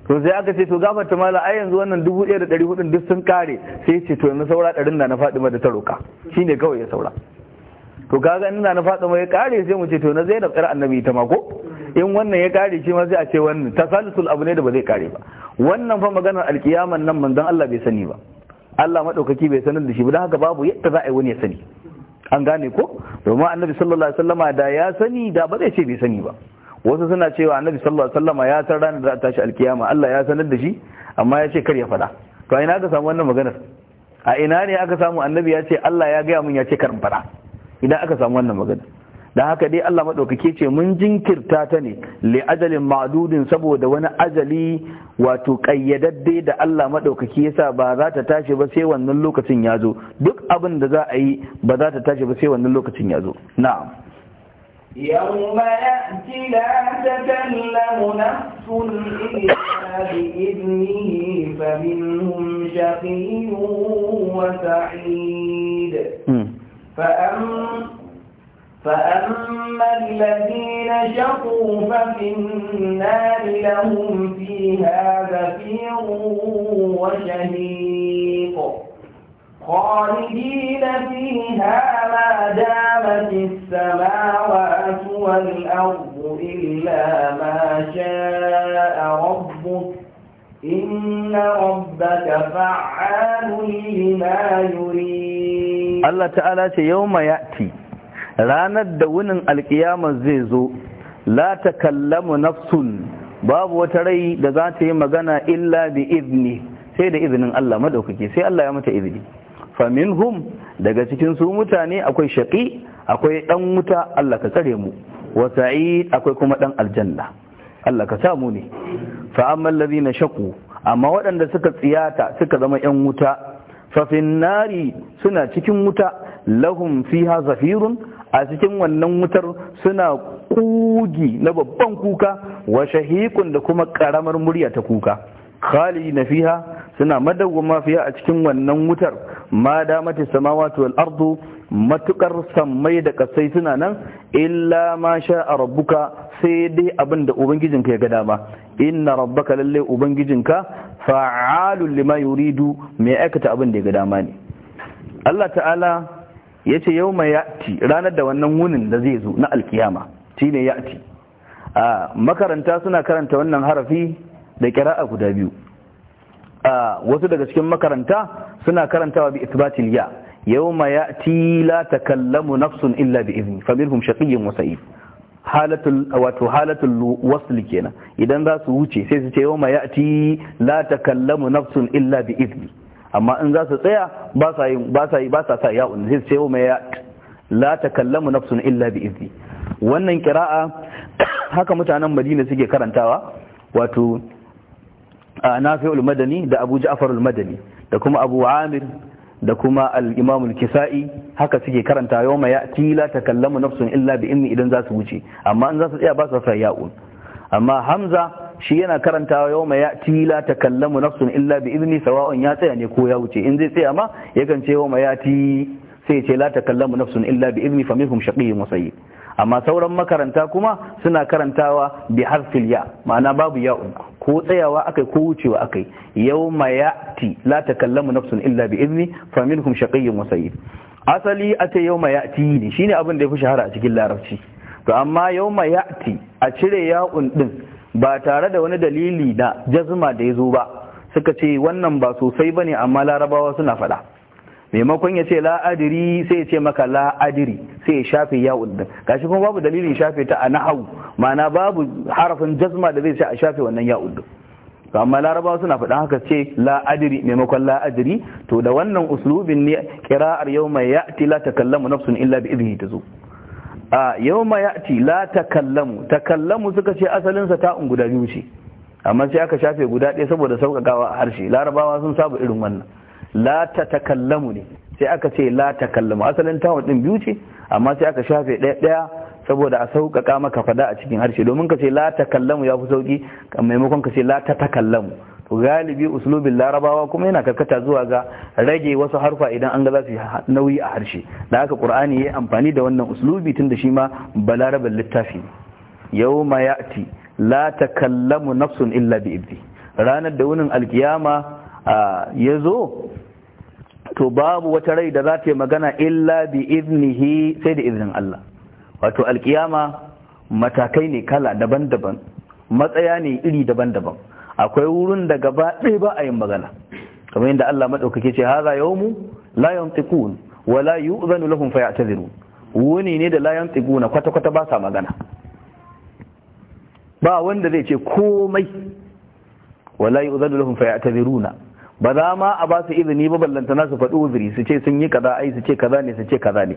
to sai aka ce to gafarta mala ai yanzu wannan dubu ɗaya da ɗari hudun duk sun kare sai ce to yanzu saura ɗarin na na ma da ta roka shine kawai ya saura to kaga in na na ma ya kare sai mu ce to na Zainab ƙar annabi ta ma ko in wannan ya kare shi ma sai a ce wannan tasalsul abu ne da ba zai kare ba wannan fa maganar alkiyaman nan manzon Allah bai sani ba Allah maɗaukaki bai sanar da shi ba don haka babu yadda za a yi wani ya sani an gane ko domin annabi sallallahu alaihi wasallama da ya sani da ba zai ce bai sani ba wasu suna cewa annabi sallallahu alaihi wasallama ya san ranar da tashi alkiyama Allah ya sanar da shi amma ya ce kar ya faɗa to a ina aka samu wannan maganar a ina ne aka samu annabi ya ce Allah ya gaya mun ya ce kar in faɗa idan aka samu wannan maganar da haka dai Allah maɗaukaki ce mun jinkirta ta ne li ajalin ma'dudin saboda wani ajali wato ƙayyadadde da Allah maɗaukaki yasa ba za ta tashi ba sai wannan lokacin ya zo duk abin da za a yi ba za ta tashi ba sai wannan lokacin ya zo na'am يوم يأتي لا تكلم نفس إلا بإذنه فمنهم شقي وسعيد فأما فأما الذين شقوا ففي النار لهم فيها زفير وشهيق خالدين فيها ما دامت السماوات والأرض إلا ما شاء ربك إن ربك فعال لما يريد الله تعالى يوم يأتي ranar da wunin alkiyamar zai zo la takallamu nafsun babu wata rai da za ta yi magana illa bi izni sai da izinin Allah madaukake sai Allah ya mata izini faminhum daga cikin su mutane akwai shaqi akwai dan wuta Allah ka tsare mu wa sa'id akwai kuma dan aljanna Allah ka samu ne fa amma allazina shaqu amma waɗanda suka tsiyata suka zama yan wuta fa suna cikin wuta lahum fiha zafirun a cikin wannan wutar suna kugi na babban kuka wa shahikun da kuma karamar murya ta kuka na fiha suna madawwama mafiya a cikin wannan wutar ma damati samawati wal ardu matukar sammai da kasai suna nan illa ma sha a rabbuka sai dai abinda da ubangijinka ya ga dama inna rabbaka lalle ubangijinka fa'alul lima yuridu mai aikata abin da ya ga dama ne Allah ta'ala ya ce yau mai ya'ti ranar da wannan wunin da zai zo na alkiyama shi ne ya'ti a makaranta suna karanta wannan harafi da kira'a guda biyu a wasu daga cikin makaranta suna karantawa bi isbatil ya yau mai ya'ti la takallamu nafsun illa bi izini faminhum shaqiyyin wa sa'id halatul wato halatul wasl kenan idan za su wuce sai su ce yau mai ya'ti la takallamu nafsun illa bi izini amma in za su tsaya ba sa yi ba sa sa ya'un sai sai oh, mai ya la takallamu nafsun illa bi izni wannan qira'a haka mutanen Madina suke karantawa wato Nafi'ul Madani da Abu Ja'far madani da kuma Abu Amir da kuma al-Imam al-Kisa'i haka suke karanta yawma ya'ti la takallamu nafsun illa bi izni idan za su wuce amma in za su tsaya ba sa sa ya'un amma Hamza shi yana karantawa yau mai ya'ti la takallamu nafsun illa bi izini sawa'un ya tsaya ne ko ya wuce in zai tsaya ma yakan ce yau mai ya'ti sai ce la takallamu nafsun illa bi izni famihum shaqiyyun wa sayyid amma sauran makaranta kuma suna karantawa bi harfil ya ma'ana babu ya ko tsayawa akai ko wucewa akai yau mai ya'ti la takallamu nafsun illa bi izni kuma shaqiyyun wa sayyid asali a ce yau mai ya'ti ne shine abin da ya fi shahara a cikin larabci to amma yau ma ya'ti a cire ya'un din ba tare da wani dalili na jazma da ya zo ba suka ce wannan ba sosai ba ne amma larabawa suna faɗa maimakon ya ce la'adiri sai ya ce maka la'adiri sai ya shafe ya udda gashi kuma babu dalilin shafe ta a nahau ma'ana babu harafin jazma da zai sai a shafe wannan ya udda amma larabawa suna faɗa haka ce la'adiri maimakon la'adiri to da wannan uslubin ne kira'ar yau mai ya'ti la takallamu nafsun illa bi ta tazu a yau ma ya'ti la takallamu takallamu suka ce asalinsa ta'un guda biyu ce amma sai aka shafe guda ɗaya saboda sauƙaƙawa a harshe larabawa sun saba irin wannan la ta takallamu ne sai aka ce la takallamu asalin ta'un ɗin biyu ce amma sai aka shafe ɗaya ɗaya saboda a sauƙaƙa maka fada a cikin harshe domin ka ce la takallamu ya fi sauƙi maimakon ka ce la ta takallamu galibi uslubin larabawa kuma yana karkata zuwa ga rage wasu harfa idan an ga za su yi nauyi a harshe da haka qur'ani ya amfani da wannan uslubi tunda shi ma balarabin littafi yawma ya'ti la takallamu nafsun illa bi ibdi ranar da wunin alkiyama ya zo to babu wata rai da za ta yi magana illa bi iznihi sai da iznin Allah wato alkiyama matakai ne kala daban-daban matsaya ne iri daban-daban akwai wurin da gaba ɗaya ba a yin magana kamar yadda Allah madaukake ce yau mu la yantiqun wa la yu'zanu lahum fayatadhirun wuni ne da la yantiquna kwata kwata ba sa magana ba wanda zai ce komai wa la yu'zanu lahum na? ba za ma a ba su izini ba ballantana su faɗi uzuri su ce sun yi kaza ai su ce kaza ne su ce kaza ne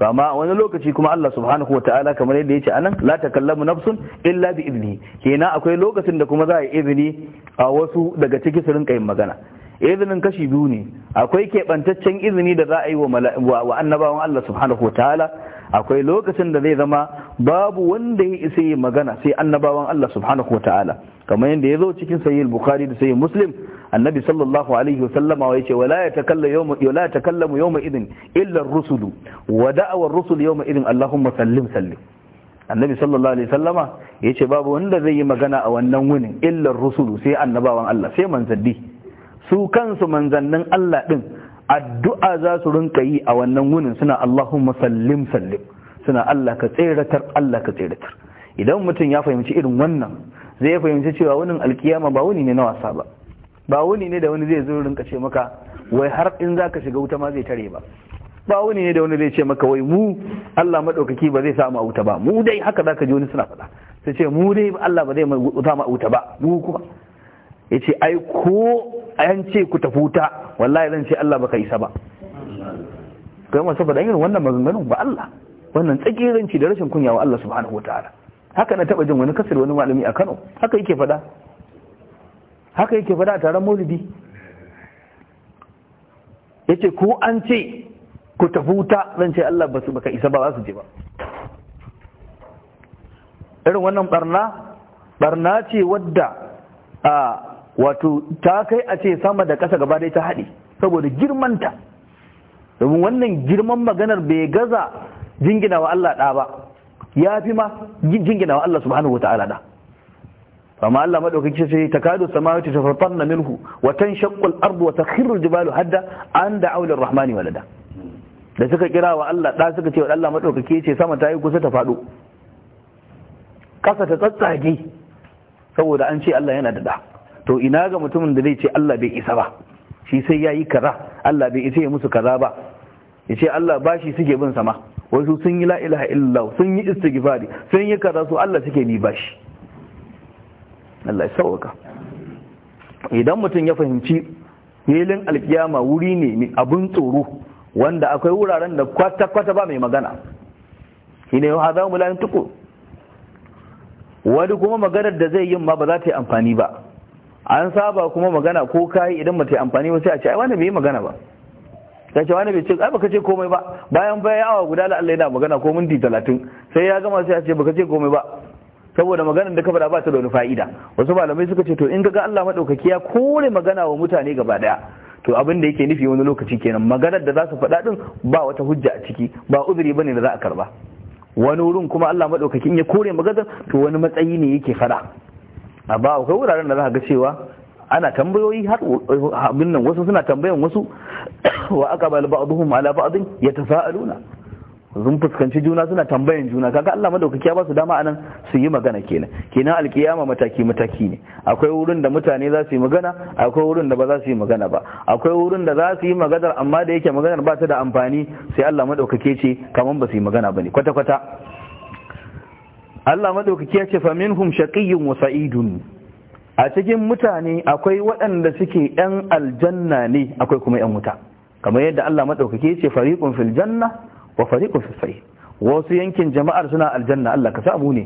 to amma wani lokaci kuma Allah subhanahu wa ta'ala kamar yadda ya ce anan la takallamu nafsun illa bi idni kena akwai lokacin da kuma za a yi izini a wasu daga ciki su rinka yin magana izinin kashi biyu ne akwai keɓantaccen izini da za a yi wa annabawan Allah subhanahu wa ta'ala akwai lokacin da zai zama babu wanda ya isa yi magana sai annabawan Allah subhanahu wa ta'ala kamar yadda ya zo cikin sahih bukhari da sahih muslim annabi sallallahu alaihi wasallama ya ce wala yatakallamu yawma idin illa ar-rusulu wa da'awa ar-rusul yawma idin allahumma sallim sallim annabi sallallahu alaihi wasallama ya ce babu wanda zai yi magana a wannan wunin illar rusulu sai annabawan Allah sai manzanni su kansu manzannin Allah din addu'a za su rinka yi a wannan wunin suna Allahumma sallim sallim suna Allah ka tseratar Allah ka tseratar idan mutum ya fahimci irin wannan zai fahimci cewa wunin alkiyama ba wuni ne na wasa ba ba wuni ne da wani zai zo rinka ce maka wai har in zaka shiga wuta ma zai tare ba ba wuni ne da wani zai ce maka wai mu Allah madaukaki ba zai samu a wuta ba mu dai haka zaka ji wani suna faɗa sai ce mu dai Allah ba zai wuta ma a wuta ba mu kuma yace ai ko an ce ku tafi wuta wallahi zan ce Allah baka isa ba kai ma faɗa irin wannan maganganun ba Allah wannan tsakiranci da rashin kunya wa Allah subhanahu wataala haka na taba jin wani kasar wani malami a Kano haka yake faɗa haka yake faɗa a taron maulidi ya ce ko an ce ku tafi wuta zan ce Allah basu baka isa ba za su je ba irin wannan barna barna ce wadda a wato ta kai a ce sama da ƙasa gaba dai ta haɗe saboda girmanta domin wannan girman maganar bai gaza jingina Allah ɗa ba ya fi ma jingina wa Allah subhanahu wa ta'ala ɗa amma Allah madaukaki sai takadu samawati tafatanna minhu wa tanshaqqu al-ardu wa takhiru al-jibalu hadda an rahmani walada da suka kira wa Allah da suka ce wa Allah madaukaki ce sama ta yi kusa ta fado kasa ta tsatsage saboda an ce Allah yana da da to ina ga mutumin da zai ce Allah bai isa ba shi sai yayi kaza Allah bai isa ya musu kaza ba yace Allah bashi suke bin sama wasu sun yi la ilaha illallah sun yi istighfari sun yi kaza su Allah suke ni bashi Allah ya sauka idan mutum ya fahimci filin alkiyama wuri ne ne abin tsoro wanda akwai wuraren da kwata-kwata ba mai magana shine ne yau mu mulayin tuku wani kuma maganar da zai yin ma ba za ta yi amfani ba an saba kuma magana ko kayi idan ba ta yi amfani ba sai a ce ai wani bai yi magana ba ta ce wani bai ce ai baka ce komai ba bayan bayan awa guda la Allah yana magana ko minti talatin sai ya gama sai a ce baka ce komai ba saboda maganar da ka faɗa ba ta da wani fa'ida wasu malamai suka ce to in ga Allah madaukaki ya kore magana wa mutane gaba daya to abin da yake nufi wani lokaci kenan maganar da za su faɗa din ba wata hujja a ciki ba uzuri bane da za a karba wani wurin kuma Allah madaukakin ya kore maganar to wani matsayi ne yake faɗa a ba akwai wuraren da za ka ga cewa ana tambayoyi har abin nan wasu suna tambayan wasu wa aqbal ba'dhum ala ba'd yatasaaluna sun fuskanci juna suna tambayan juna kaga Allah madaukaki ya ba su dama anan su yi magana kenan kenan alkiyama mataki mataki ne akwai wurin da mutane za su yi magana akwai wurin da ba za su yi magana ba akwai wurin da za su yi magana amma da yake maganar ba ta da amfani sai Allah madaukake ce kaman ba su yi magana bane kwata kwata Allah madaukaki ya ce fa minhum shaqiyyun wa sa'idun a cikin mutane akwai waɗanda suke yan aljanna ne akwai kuma yan wuta kamar yadda Allah madaukake ya ce fariqun fil janna wa fariqun fi sa'ir wasu yankin jama'ar suna aljanna Allah ka samu ne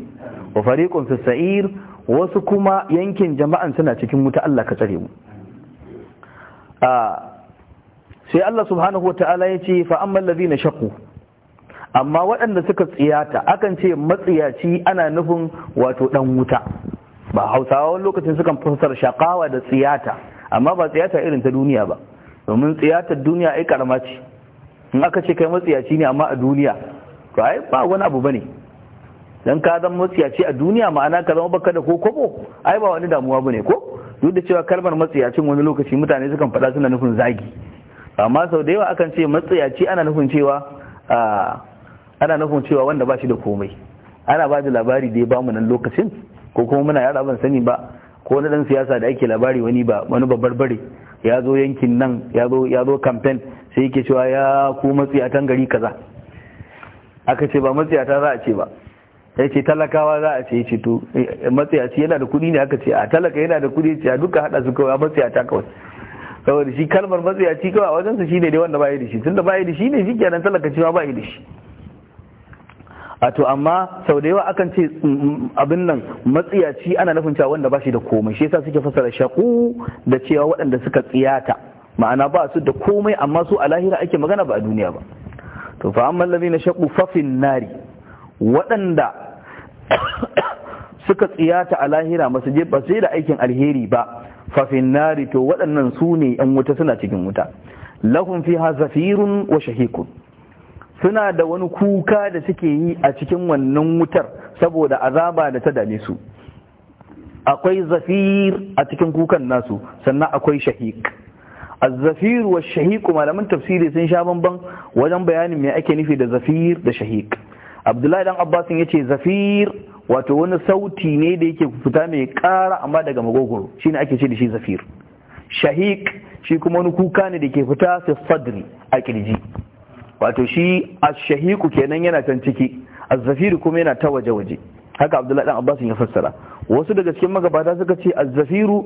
wa fariqun fi sa'ir wasu kuma yankin jama'an suna cikin wuta Allah ka tsare mu sai Allah subhanahu wata'ala ya ce fa amman ladina shaqu amma waɗanda suka tsiyata akan ce matsiyaci ana nufin wato dan wuta ba hausawa lokacin sukan fasar shakawa da tsiyata amma ba tsiyata irin ta duniya ba domin tsiyatar duniya ai karama ce in aka ce kai matsiyaci ne amma a duniya to ai ba wani abu bane dan ka zama matsiyaci a duniya ma'ana ka zama baka da ko kobo ai ba wani damuwa bane ko duk da cewa kalmar matsiyacin wani lokaci mutane sukan faɗa suna nufin zagi amma sau da yawa akan ce matsiyaci ana nufin cewa ana nufin cewa wanda ba shi da komai ana ba da labari da ya bamu nan lokacin ko kuma muna yara ban sani ba ko na dan siyasa da ake labari wani ba wani babbar bare ya zo yankin nan ya zo ya zo campaign sai yake cewa ya ku a tangari kaza aka ce ba ta za a ce ba ya ce talakawa za a ce ya ce to eh, ce yana da kudi ne aka ce a talaka yana da kudi ce a duka hada su kawai a ta kawai saboda shi kalmar ci kawai a wajen su shine dai wanda ba yi da shi tunda ba yi da shi ne shi nan talaka cewa ba yi da shi a to amma sau da yawa akan ce mm, mm, abin nan matsiyaci ana nufin cewa wanda ba shi da komai shi yasa suke fassara shaku da cewa waɗanda suka tsiyata ma'ana ba su da komai amma su a lahira ake magana ba a duniya ba to fa amma allazina shaqu fafin nari waɗanda suka tsiyata a lahira masu je ba sai da aikin alheri ba fafin nari to waɗannan su ne yan wuta suna cikin wuta lahum fiha zafirun wa shahikun suna da wani kuka da suke yi a cikin wannan wutar saboda azaba da ta dame su akwai zafir a cikin kukan nasu sannan akwai shahik az-zafir wa shahiq malaman tafsiri sun sha bamban wajen bayanin me ake nufi da zafir da shahiq abdullahi dan abbas yace zafir wato wani sauti ne da yake fita mai ƙara amma daga magogoro shine ake ce da shi zafir shahiq shi kuma wani kuka ne da ke fita sai sadri a kirji wato shi ash-shahiqu kenan yana can ciki az-zafir kuma yana ta waje waje haka abdullahi dan abbas ya fassara wasu daga cikin magabata suka ce az-zafiru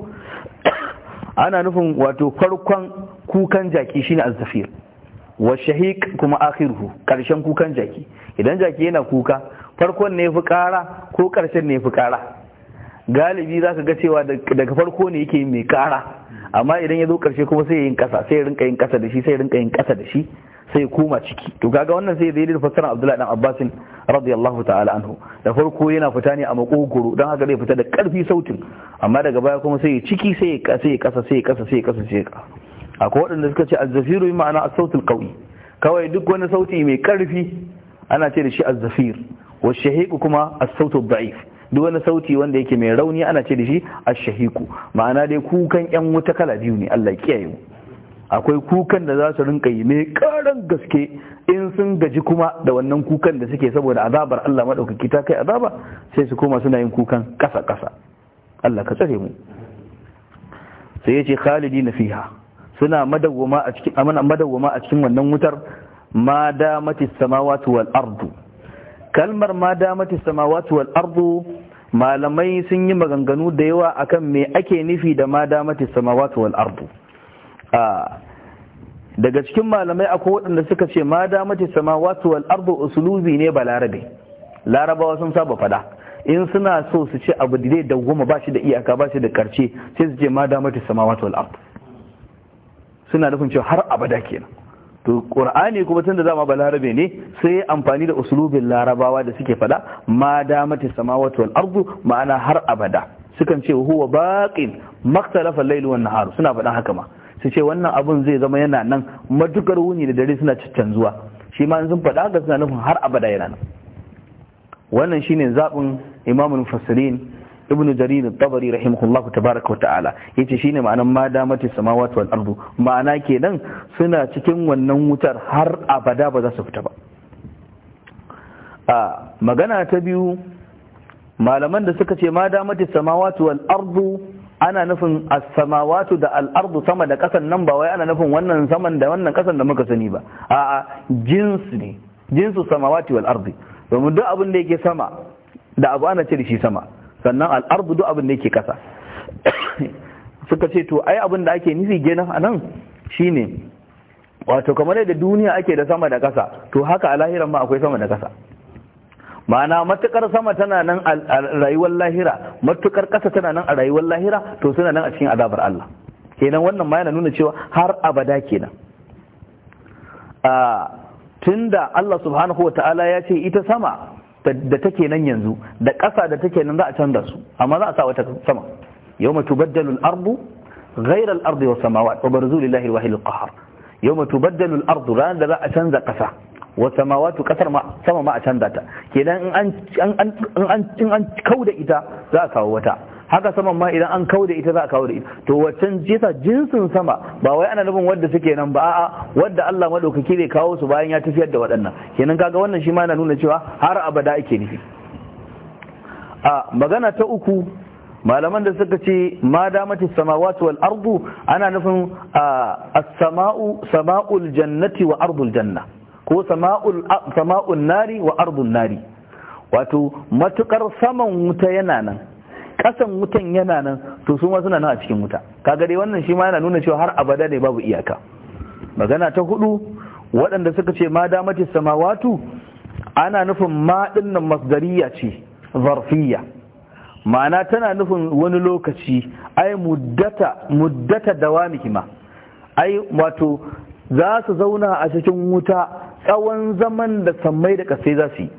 ana nufin wato farkon kukan jaki shine az-zafir wa shahiq kuma akhiruhu karshen kukan jaki idan jaki yana kuka farkon ne fi kara ko karshen ne fi kara galibi zaka ga cewa daga farko ne yake mai kara amma idan ya zo karshe kuma sai yin kasa sai rinka yin kasa da shi sai rinka yin kasa da shi sai koma ciki to kaga wannan sai daidai da fassarar Abdullahi dan Abbas radiyallahu ta'ala anhu da farko yana fita ne a makogoro dan haka zai fita da karfi sautin amma daga baya kuma sai ya ciki sai ya kasa sai kasa sai kasa sai kasa sai kasa akwai waɗanda suka ce az-zafiru bi ma'ana as-sautul qawi kawai duk wani sauti mai karfi ana ce da shi az-zafir wa shahiqu kuma as-sautul da'if duk wani sauti wanda yake mai rauni ana ce da shi ash-shahiqu ma'ana dai kukan yan wuta kala biyu ne Allah ya kiyaye mu akwai kukan da za su rinka yi mai karan gaske in sun gaji kuma da wannan kukan da suke saboda azabar Allah maɗaukaki ta kai azaba sai su koma suna yin kukan ƙasa ƙasa Allah ka tsare mu sai ya ce khalidi na fiha suna madawwama a cikin amana madawwama a cikin wannan wutar ma damati samawati wal ardu kalmar ma damati samawati wal ardu malamai sun yi maganganu da yawa akan me ake nufi da ma damati samawati wal ardu daga cikin malamai akwai waɗanda suka ce ma sama samawati wal ardu usulubi ne ba larabawa sun saba fada in suna so su ce abu da da goma ba shi da iyaka ba shi da karce sai su ce ma sama samawati wal ardu suna nufin cewa har abada kenan to qur'ani kuma tunda zama ba larabe ne sai amfani da usulubin larabawa da suke fada ma sama samawati wal ardu ma'ana har abada sukan ce huwa baqin maktalafa laylu wan nahar suna faɗan haka ma su ce wannan abun zai zama yana nan matukar wuni da dare suna zuwa shi ma sun faɗa ga suna nufin har abada yana nan wannan shine zaɓin imamun fasirin ibnu jarir tabari rahimahullah tabaraka wa ta'ala yace shine ma'anan ma damati samawati wal ardu ma'ana kenan suna cikin wannan wutar har abada ba za su fita ba a magana ta biyu malaman da suka ce ma sama samawati wal ardu ana nufin as-samawatu da al-ardu sama da kasan nan ba wai ana nufin wannan saman da wannan kasan da muka sani ba a'a jins ne jinsu samawati wal ardi domin duk abin da yake sama da abu ana ce da shi sama sannan al-ardu duk abin da yake kasa suka ce to ai abin da ake nufi kenan anan shine wato kamar yadda duniya ake da sama da kasa to haka alahiran ma akwai sama da kasa ma'ana matukar sama tana nan a rayuwar lahira matukar ƙasa tana nan a rayuwar lahira to suna nan a cikin azabar Allah kenan wannan ma yana nuna cewa har abada kenan tunda Allah subhanahu wa ta'ala ya ce ita sama da take nan yanzu da ƙasa da take nan za a canza su amma za a sa wata sama yawma tubaddalu al-ardu ghayra al-ardi was samawati wa barzu lillahi al-wahid al yawma tubaddalu al-ardu ran da za a canza ƙasa wa samawatu kasar ma sama ma a canza ta kenan in an in an kauda ita za a kawo wata haka saman ma idan an da ita za a kawo da ita to waccan jisa jinsin sama ba wai ana nufin wadda suke nan ba a'a wanda Allah madaukaki zai kawo su bayan ya tafiyar da waɗannan kenan kaga wannan shi ma na nuna cewa har abada ake nufi a magana ta uku malaman da suka ce ma damati samawati wal ardu ana nufin as-sama'u sama'ul jannati wa ardul janna ko sama'un nari wa ardun nari wato matukar saman wuta yana nan kasan wutan yana nan to su ma suna nan a cikin wuta kaga dai wannan shi ma yana nuna cewa har abada ne babu iyaka magana ta hudu waɗanda suka ce ma damati samawatu ana nufin ma dinnan masdariya ce zarfiya ma'ana tana nufin wani lokaci ai muddata muddata dawamihima ai wato za su zauna a cikin wuta tsawon zaman da sammai da kasai za su yi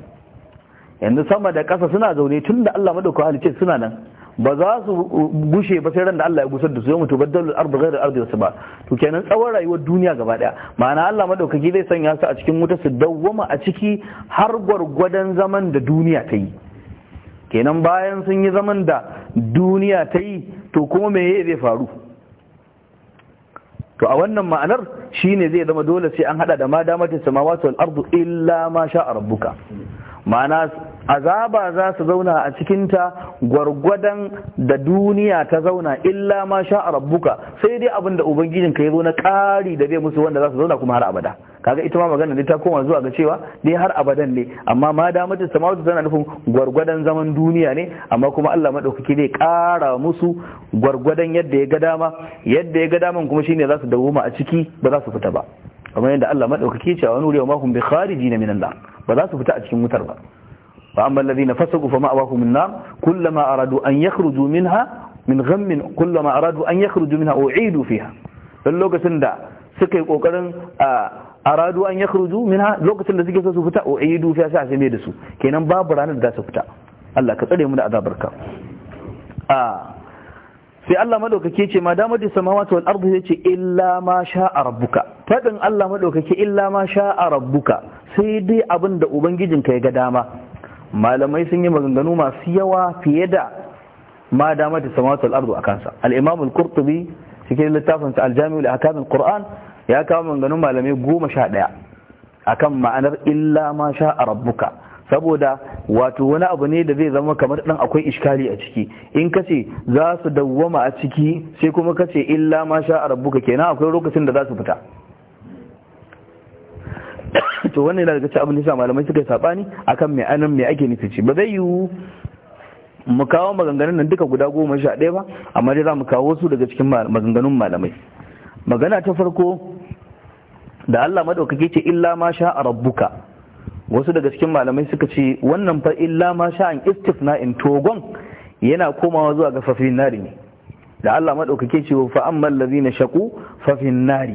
yanzu sama da ƙasa suna zaune tun da Allah madaukakin halicce suna nan ba za su gushe ba sai ran da Allah ya gusar da su yau tubar dalil arba ghairu ardi wasu ba to kenan tsawon rayuwar duniya gaba daya ma'ana Allah madaukaki zai sanya su a cikin wuta su dawwama a ciki har gwargwadon zaman da duniya ta yi kenan bayan sun yi zaman da duniya ta yi to kuma me zai faru to a wannan ma'anar shine zai zama dole sai an hada da ma damatin samawati wal ardu illa ma sha rabbuka ma'ana azaba za su zauna a cikinta gwargwadon da duniya ta zauna illa ma sha a rabbuka sai dai abin da ubangijin ka ya zo na ƙari da bai musu wanda za su zauna kuma har abada kaga ita ma magana ne ta koma zuwa ga cewa dai har abadan ne amma ma da mutum ta tana nufin gwargwadon zaman duniya ne amma kuma Allah madaukaki zai ƙara musu gwargwadon yadda ya ga dama yadda ya ga daman kuma shine za su dawoma a ciki ba za su fita ba kamar yadda Allah madaukaki cewa wani wuri ma kun bi kharijina min ba za su fita a cikin wutar ba amma فأما الذين فسقوا فمأواهم النار كلما أرادوا أن يخرجوا منها من غم كلما أرادوا أن يخرجوا منها أعيدوا فيها اللوكسن دا سكي قوكرن aradu an ya kurju minha lokacin da suke so su fita o ayi dufiya sai a same da su kenan babu ranar da su fita Allah ka tsare mu da azabarka a sai Allah madaukake ce ma damar samawati wal ardi yace illa ma sha'a rabbuka fadin Allah madaukake illa ma sha'a rabbuka sai dai abinda da ubangijinka ya ga dama malamai sun yi maganganu masu yawa fiye da ma damata samawati al-ardu akan sa al-imam al-qurtubi cikin littafin sa aljami'ul akamin quran ya kawo maganganu malamai goma sha ɗaya akan ma'anar illa ma sha a rabbuka saboda wato wani abu ne da zai zama kamar dan akwai iskali a ciki in ka ce za su dawwama a ciki sai kuma ka ce illa ma sha a rabbuka kenan akwai lokacin da za su fita to wannan yana daga cikin abin da sa malamai suka sabani akan me anan me ake nufi ce ba zai yiwu mu kawo maganganun nan duka guda goma sha ɗaya ba amma dai za mu kawo su daga cikin maganganun malamai magana ta farko da Allah madaukake ce illa ma sha a rabbuka wasu daga cikin malamai suka ce wannan fa illa ma sha an istifna in togon yana komawa zuwa ga fafin nari ne da Allah madaukake ce wa fa ammal ladina shaqu fafin nari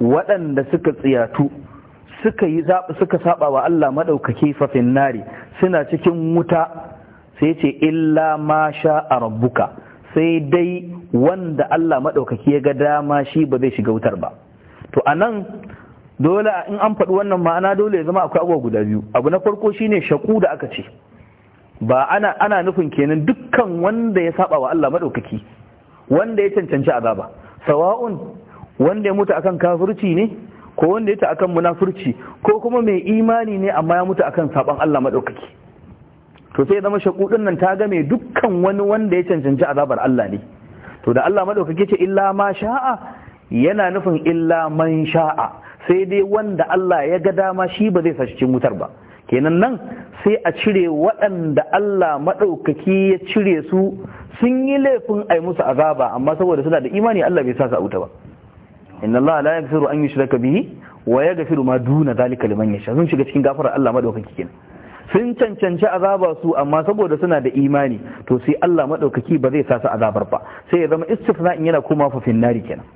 waɗanda suka tsiyatu suka yi suka saba wa Allah maɗaukaki fafin nari suna cikin wuta sai ce illa ma sha a rabbuka sai dai wanda Allah maɗaukaki ya ga dama shi ba zai shiga wutar ba to a nan, dole in an faɗi wannan ma'ana dole ya zama akwai abubuwa guda biyu abu na farko shine shaku da aka ce ba ana ana nufin kenan dukkan wanda ya saba wa Allah maɗaukaki. wanda ya cancanci azaba sawa'un wanda ya mutu akan kafurci ne ko wanda ya ta akan munafurci ko kuma mai imani ne amma ya mutu akan saban Allah madaukaki to sai zama shakudin nan ta game dukkan wani wanda ya cancanci azabar Allah ne to da Allah maɗaukaki ce illa ma sha'a yana nufin illa man sha'a sai dai wanda Allah ya ga dama shi ba zai sashi cikin wutar ba kenan nan sai a cire waɗanda Allah maɗaukaki ya cire su sun yi laifin ai musu azaba amma saboda suna da imani Allah bai sa su a wuta ba inna Allah la yaghfiru an yushraka bihi wa yaghfiru ma duna zalika liman yasha sun shiga cikin gafarar Allah madaukaki kenan sun cancanci azaba su amma saboda suna da imani to sai Allah madaukaki ba zai sa su azabar ba sai ya zama istifna in yana kuma fa finnari kenan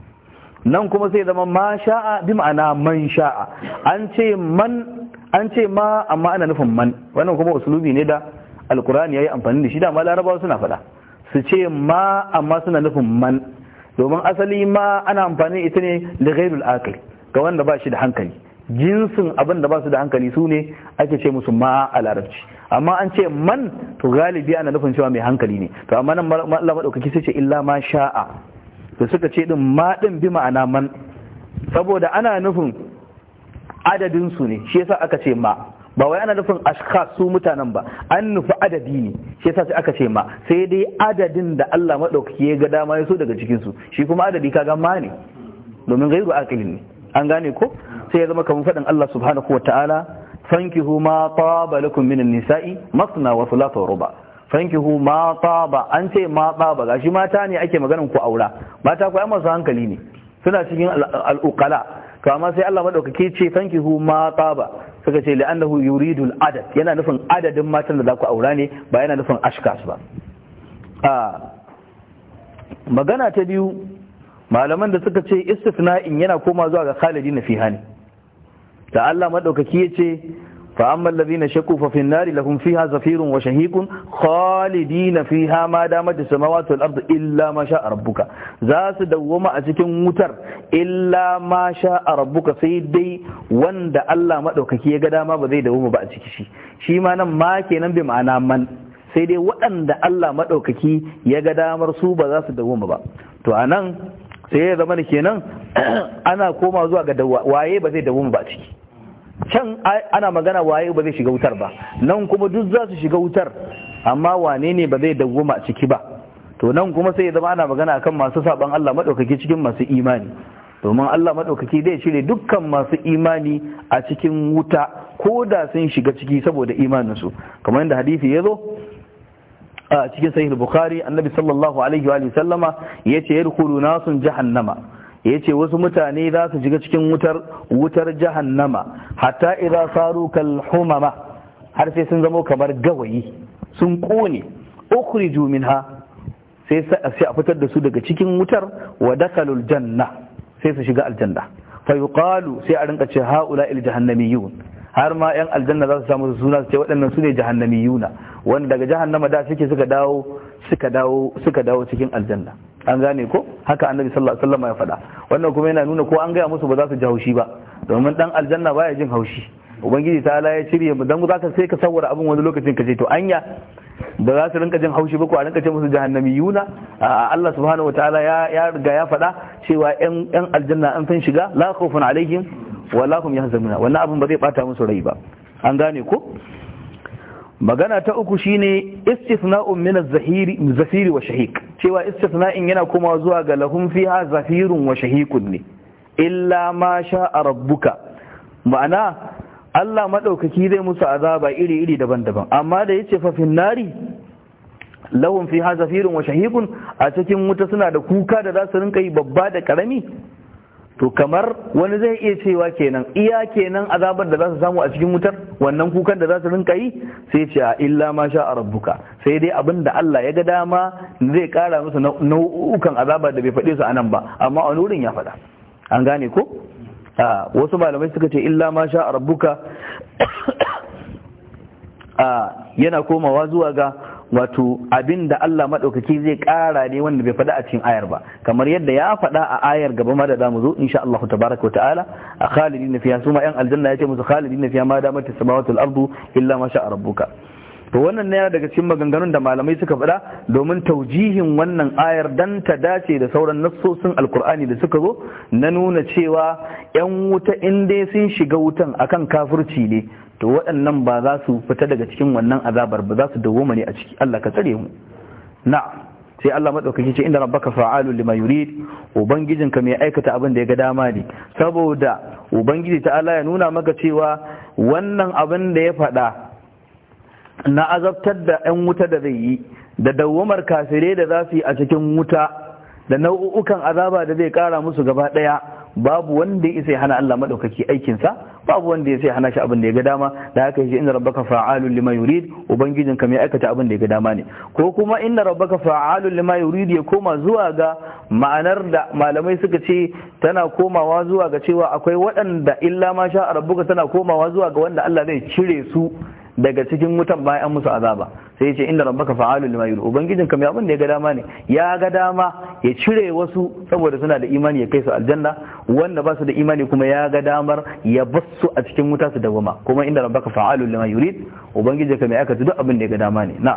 nan kuma sai ya zama ma sha'a bi ma'ana man sha'a an ce man an ce ma amma ana nufin man wannan kuma usulubi ne da alkurani yayi amfani da shi da ma larabawa suna faɗa su ce ma amma suna nufin man domin asali ma ana amfani ita ne da ghairul akali ga wanda ba shi da hankali jinsin abin da ba su da hankali su ne ake ce musu ma a larabci amma an ce man to galibi ana nufin cewa mai hankali ne to amma nan Allah madaukaki sai ce illa ma sha'a da suka ce din ma din bi ma'ana man saboda ana nufin adadin su ne shi yasa aka ce ma ba wai ana nufin ashka su mutanen ba an nufi adadi ne shi yasa sai aka ce ma sai dai adadin da Allah madaukaki ya ga dama ya daga cikin su shi kuma adadi kaga ma ne domin gairu aqilin ne an gane ko sai ya zama kamar fadin Allah subhanahu wataala fankihu ma taba lakum an nisa'i masna wa thulatha wa ruba fankihu ma taba an ce ma taba gashi mata ne ake maganan ko aura mata ku ai masu hankali ne suna cikin al'uqala to sai Allah madaukake ce hu ma taba suka ce li'annahu yuridul adad yana nufin adadin matan da za ku aura ne ba yana nufin ashkas ba a magana ta biyu malaman da suka ce istifna'in yana koma zuwa ga khalidi na fiha ne da Allah madaukaki ce فأما الذين شكوا ففي النار لهم فيها زفير وشهيق خالدين فيها ما دامت السماوات والأرض إلا ما شاء ربك زاس دوما أسكن متر إلا ما شاء ربك سيدي a الله مدوكك يقدا ما بذي دوما بأسك شي شي ما نم ما كينم بمعنى من سيدي واند الله مدوكك يقدا مرسو بذات دوما با تو sai ya zama kenan ana koma zuwa ga waye ba zai dawo mu ba ciki can ana magana waye ba zai shiga wutar ba nan kuma duk za su shiga wutar amma wane ne ba zai dawwama a ciki ba to nan kuma sai ya zama ana magana akan masu saban Allah madaukaki cikin masu imani domin Allah madaukaki zai cire dukkan masu imani a cikin wuta ko da sun shiga ciki saboda imanin su kamar yadda hadisi ya zo a cikin sahih bukhari annabi sallallahu alaihi wa sallama yace yadkhulu nasun jahannama ya ce wasu mutane za su shiga cikin wutar wutar jahannama hatta idza saru kal humama har sai sun zama kamar gawayi sun kone ukhriju minha sai sai a fitar da su daga cikin wutar wa dakalul janna sai su shiga aljanna fa yuqalu sai a rinka ce haula il jahannamiyun har ma yan aljanna za su samu suna su ce waɗannan su ne jahannamiyuna wanda daga jahannama da suke suka dawo suka dawo suka dawo cikin aljanna an gane ko haka annabi sallallahu alaihi wasallam ya faɗa wannan kuma yana nuna ko an gaya musu ba za su ji haushi ba domin dan aljanna baya jin haushi ubangiji ta ya shirye mu dan ka sai ka sawara abin wani lokacin ka ce to anya ba za su rinka jin haushi ba ko a rinka ce musu jahannami yuna Allah subhanahu wataala ya ya riga ya faɗa cewa yan yan aljanna an san shiga la khawfun alaihim wa la hum yahzanuna wannan abin ba zai bata musu rai ba an gane ko magana ta uku shine istithna'un min az-zahiri zafiri wa shahiq cewa istithna'in yana kuma zuwa ga lahum fiha zafirun wa shahiqun ne illa ma sha'a rabbuka ma'ana Allah madaukaki zai musu azaba iri iri daban-daban amma da yace fa finnari lahum fiha zafirun wa shahiqun a cikin wuta suna da kuka da za su rinka yi babba da karami to kamar wani zai iya cewa kenan iya kenan azabar da za su samu a cikin wutar wannan kukan da za su rinka yi sai ce a illa ma sha a rabbuka sai dai abin da Allah ya ga dama zai kara musu nau'ukan azabar da bai faɗi su anan ba amma a wurin ya faɗa an gane ko a wasu malamai suka ce illa ma sha a rabbuka a yana komawa zuwa ga wato abin da Allah maɗaukaki zai ƙara ne wanda bai faɗa a cikin ayar ba kamar yadda ya faɗa a ayar gaba ma da za mu zo insha Allah tabaraka wa ta'ala a khalidin fiya su yan aljanna yace musu khalidin fiya ma damat samawati wal ardu illa ma sha rabbuka to wannan ya daga cikin maganganun da malamai suka faɗa domin taujihin wannan ayar dan ta dace da sauran nassosin alkur'ani da suka zo na nuna cewa yan wuta in dai sun shiga wutan akan kafirci ne to waɗannan ba za su fita daga cikin wannan azabar ba za su dawoma ne a ciki Allah ka tsare mu na'am sai Allah madaukaki ce inda rabbaka fa'alu lima yurid ka mai aikata abin da ya ga dama ne saboda ubangiji ta Allah ya nuna maka cewa wannan abin da ya faɗa na azabtar da 'yan wuta da zai yi da dawwamar kafirai da za su yi a cikin wuta da nau'ukan azaba da zai kara musu gaba ɗaya babu wanda ya sai hana Allah madaukaki aikinsa babu wanda ya sai hana shi abin da ya ga dama da haka shi inna rabbaka fa'alun lima yurid ubangijin ka mai aikata abin da ya ga dama ne ko kuma inna rabbaka fa'alun lima yurid ya koma zuwa ga ma'anar da malamai suka ce tana komawa zuwa ga cewa akwai waɗanda illa ma sha rabbuka tana komawa zuwa ga wanda Allah zai cire su daga cikin mutan bayan musu azaba sai ce inda rabbaka fa'alul lima yuri ubangijin kam abin da ya ga dama ne ya ga dama ya cire wasu saboda suna da imani ya kai su aljanna wanda ba su da imani kuma ya ga damar ya basu a cikin wuta su dawama kuma inda rabbaka fa'alul lima yurid ubangijin kam ya aka duk abin da ya ga dama ne na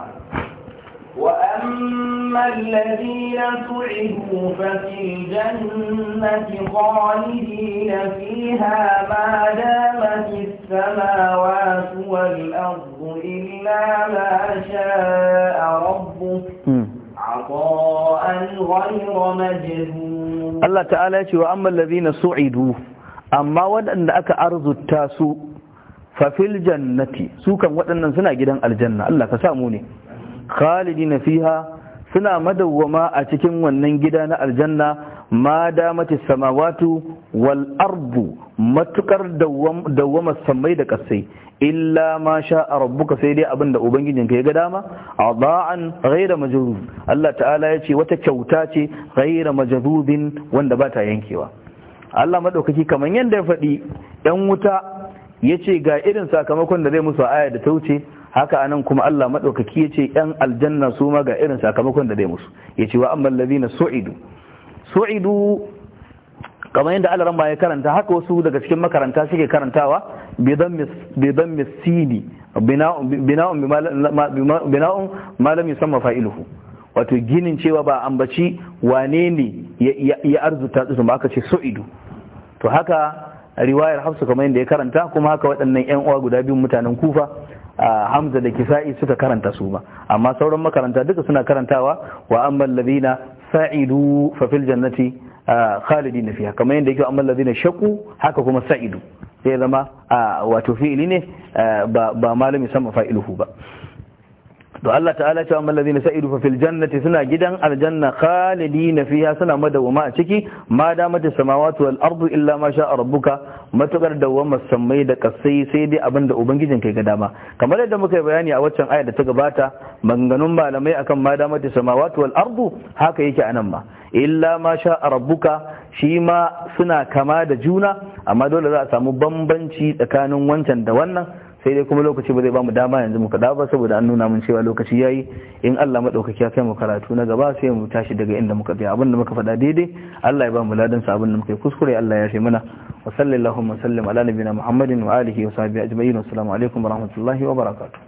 الذين تعبوا ففي الجنة خالدين فيها ما دامت السماوات والأرض إلا ما شاء ربك Allah ta'ala ya ce wa amma lalina su'idu amma waɗanda aka arzuta su fafil jannati su kan waɗannan suna gidan aljanna Allah ka samu ne khalidina fiha suna madawwama a cikin wannan gida na aljanna ma damati samawatu wal ardu matukar dawwama samai da kasai illa ma sha a rabbuka sai dai abin da ubangijin ka ya ga dama adaan ghaira majrub Allah ta'ala ya ce wata kyauta ce ghaira majrubin wanda ba ta yankewa Allah madaukaki kamar yadda ya faɗi yan wuta ya ce ga irin sakamakon da zai musu aya da ta wuce haka anan kuma Allah madaukaki yace yan aljanna su ma ga irin sakamakon da dai musu yace wa amman ladina su'idu su'idu kamar yadda Allah ramba ya karanta haka wasu daga cikin makaranta suke karantawa bi dammi sini bina'un bina'un malam yusamma fa'iluhu wato ginin cewa ba ambaci wane ne ya arzuta su ba aka ce su'idu to haka riwayar hafsu kamar yadda ya karanta kuma haka waɗannan yan uwa guda biyun mutanen kufa hamza da kisa'i suka karanta su ba amma sauran makaranta duka suna karantawa wa amman ladina sa'idu fa fil jannati khalidin fiha kamar yadda yake amman ladina shaqu haka kuma sa'idu sai zama wato fi'ili ne ba malami sama fa'iluhu ba to Allah ta'ala cewa man ladina sa'idu fa fil jannati suna gidan aljanna khalidina fiha suna madawama a ciki ma mata samawati wal ardu illa ma sha rabbuka matukar dawama samai da kasai sai dai abinda ubangijin kai ga dama kamar yadda muka yi bayani a waccan aya da ta gabata manganun malamai akan ma mata samawati wal ardu haka yake anan ma illa ma sha rabbuka shi ma suna kama da juna amma dole za a samu bambanci tsakanin wancan da wannan sai dai kuma lokaci ba zai ba mu dama yanzu mu kada ba saboda an nuna mun cewa lokaci ya yi in Allah madaukaki ya kai mu karatu na gaba sai mu tashi daga inda muka tsaya abinda muka faɗa daidai Allah ya ba mu ladan sa abinda muka yi kuskure Allah ya yafe mana wa sallallahu wa sallam ala nabiyina Muhammadin wa alihi wa sahbihi ajma'in assalamu alaikum wa rahmatullahi wa barakatuh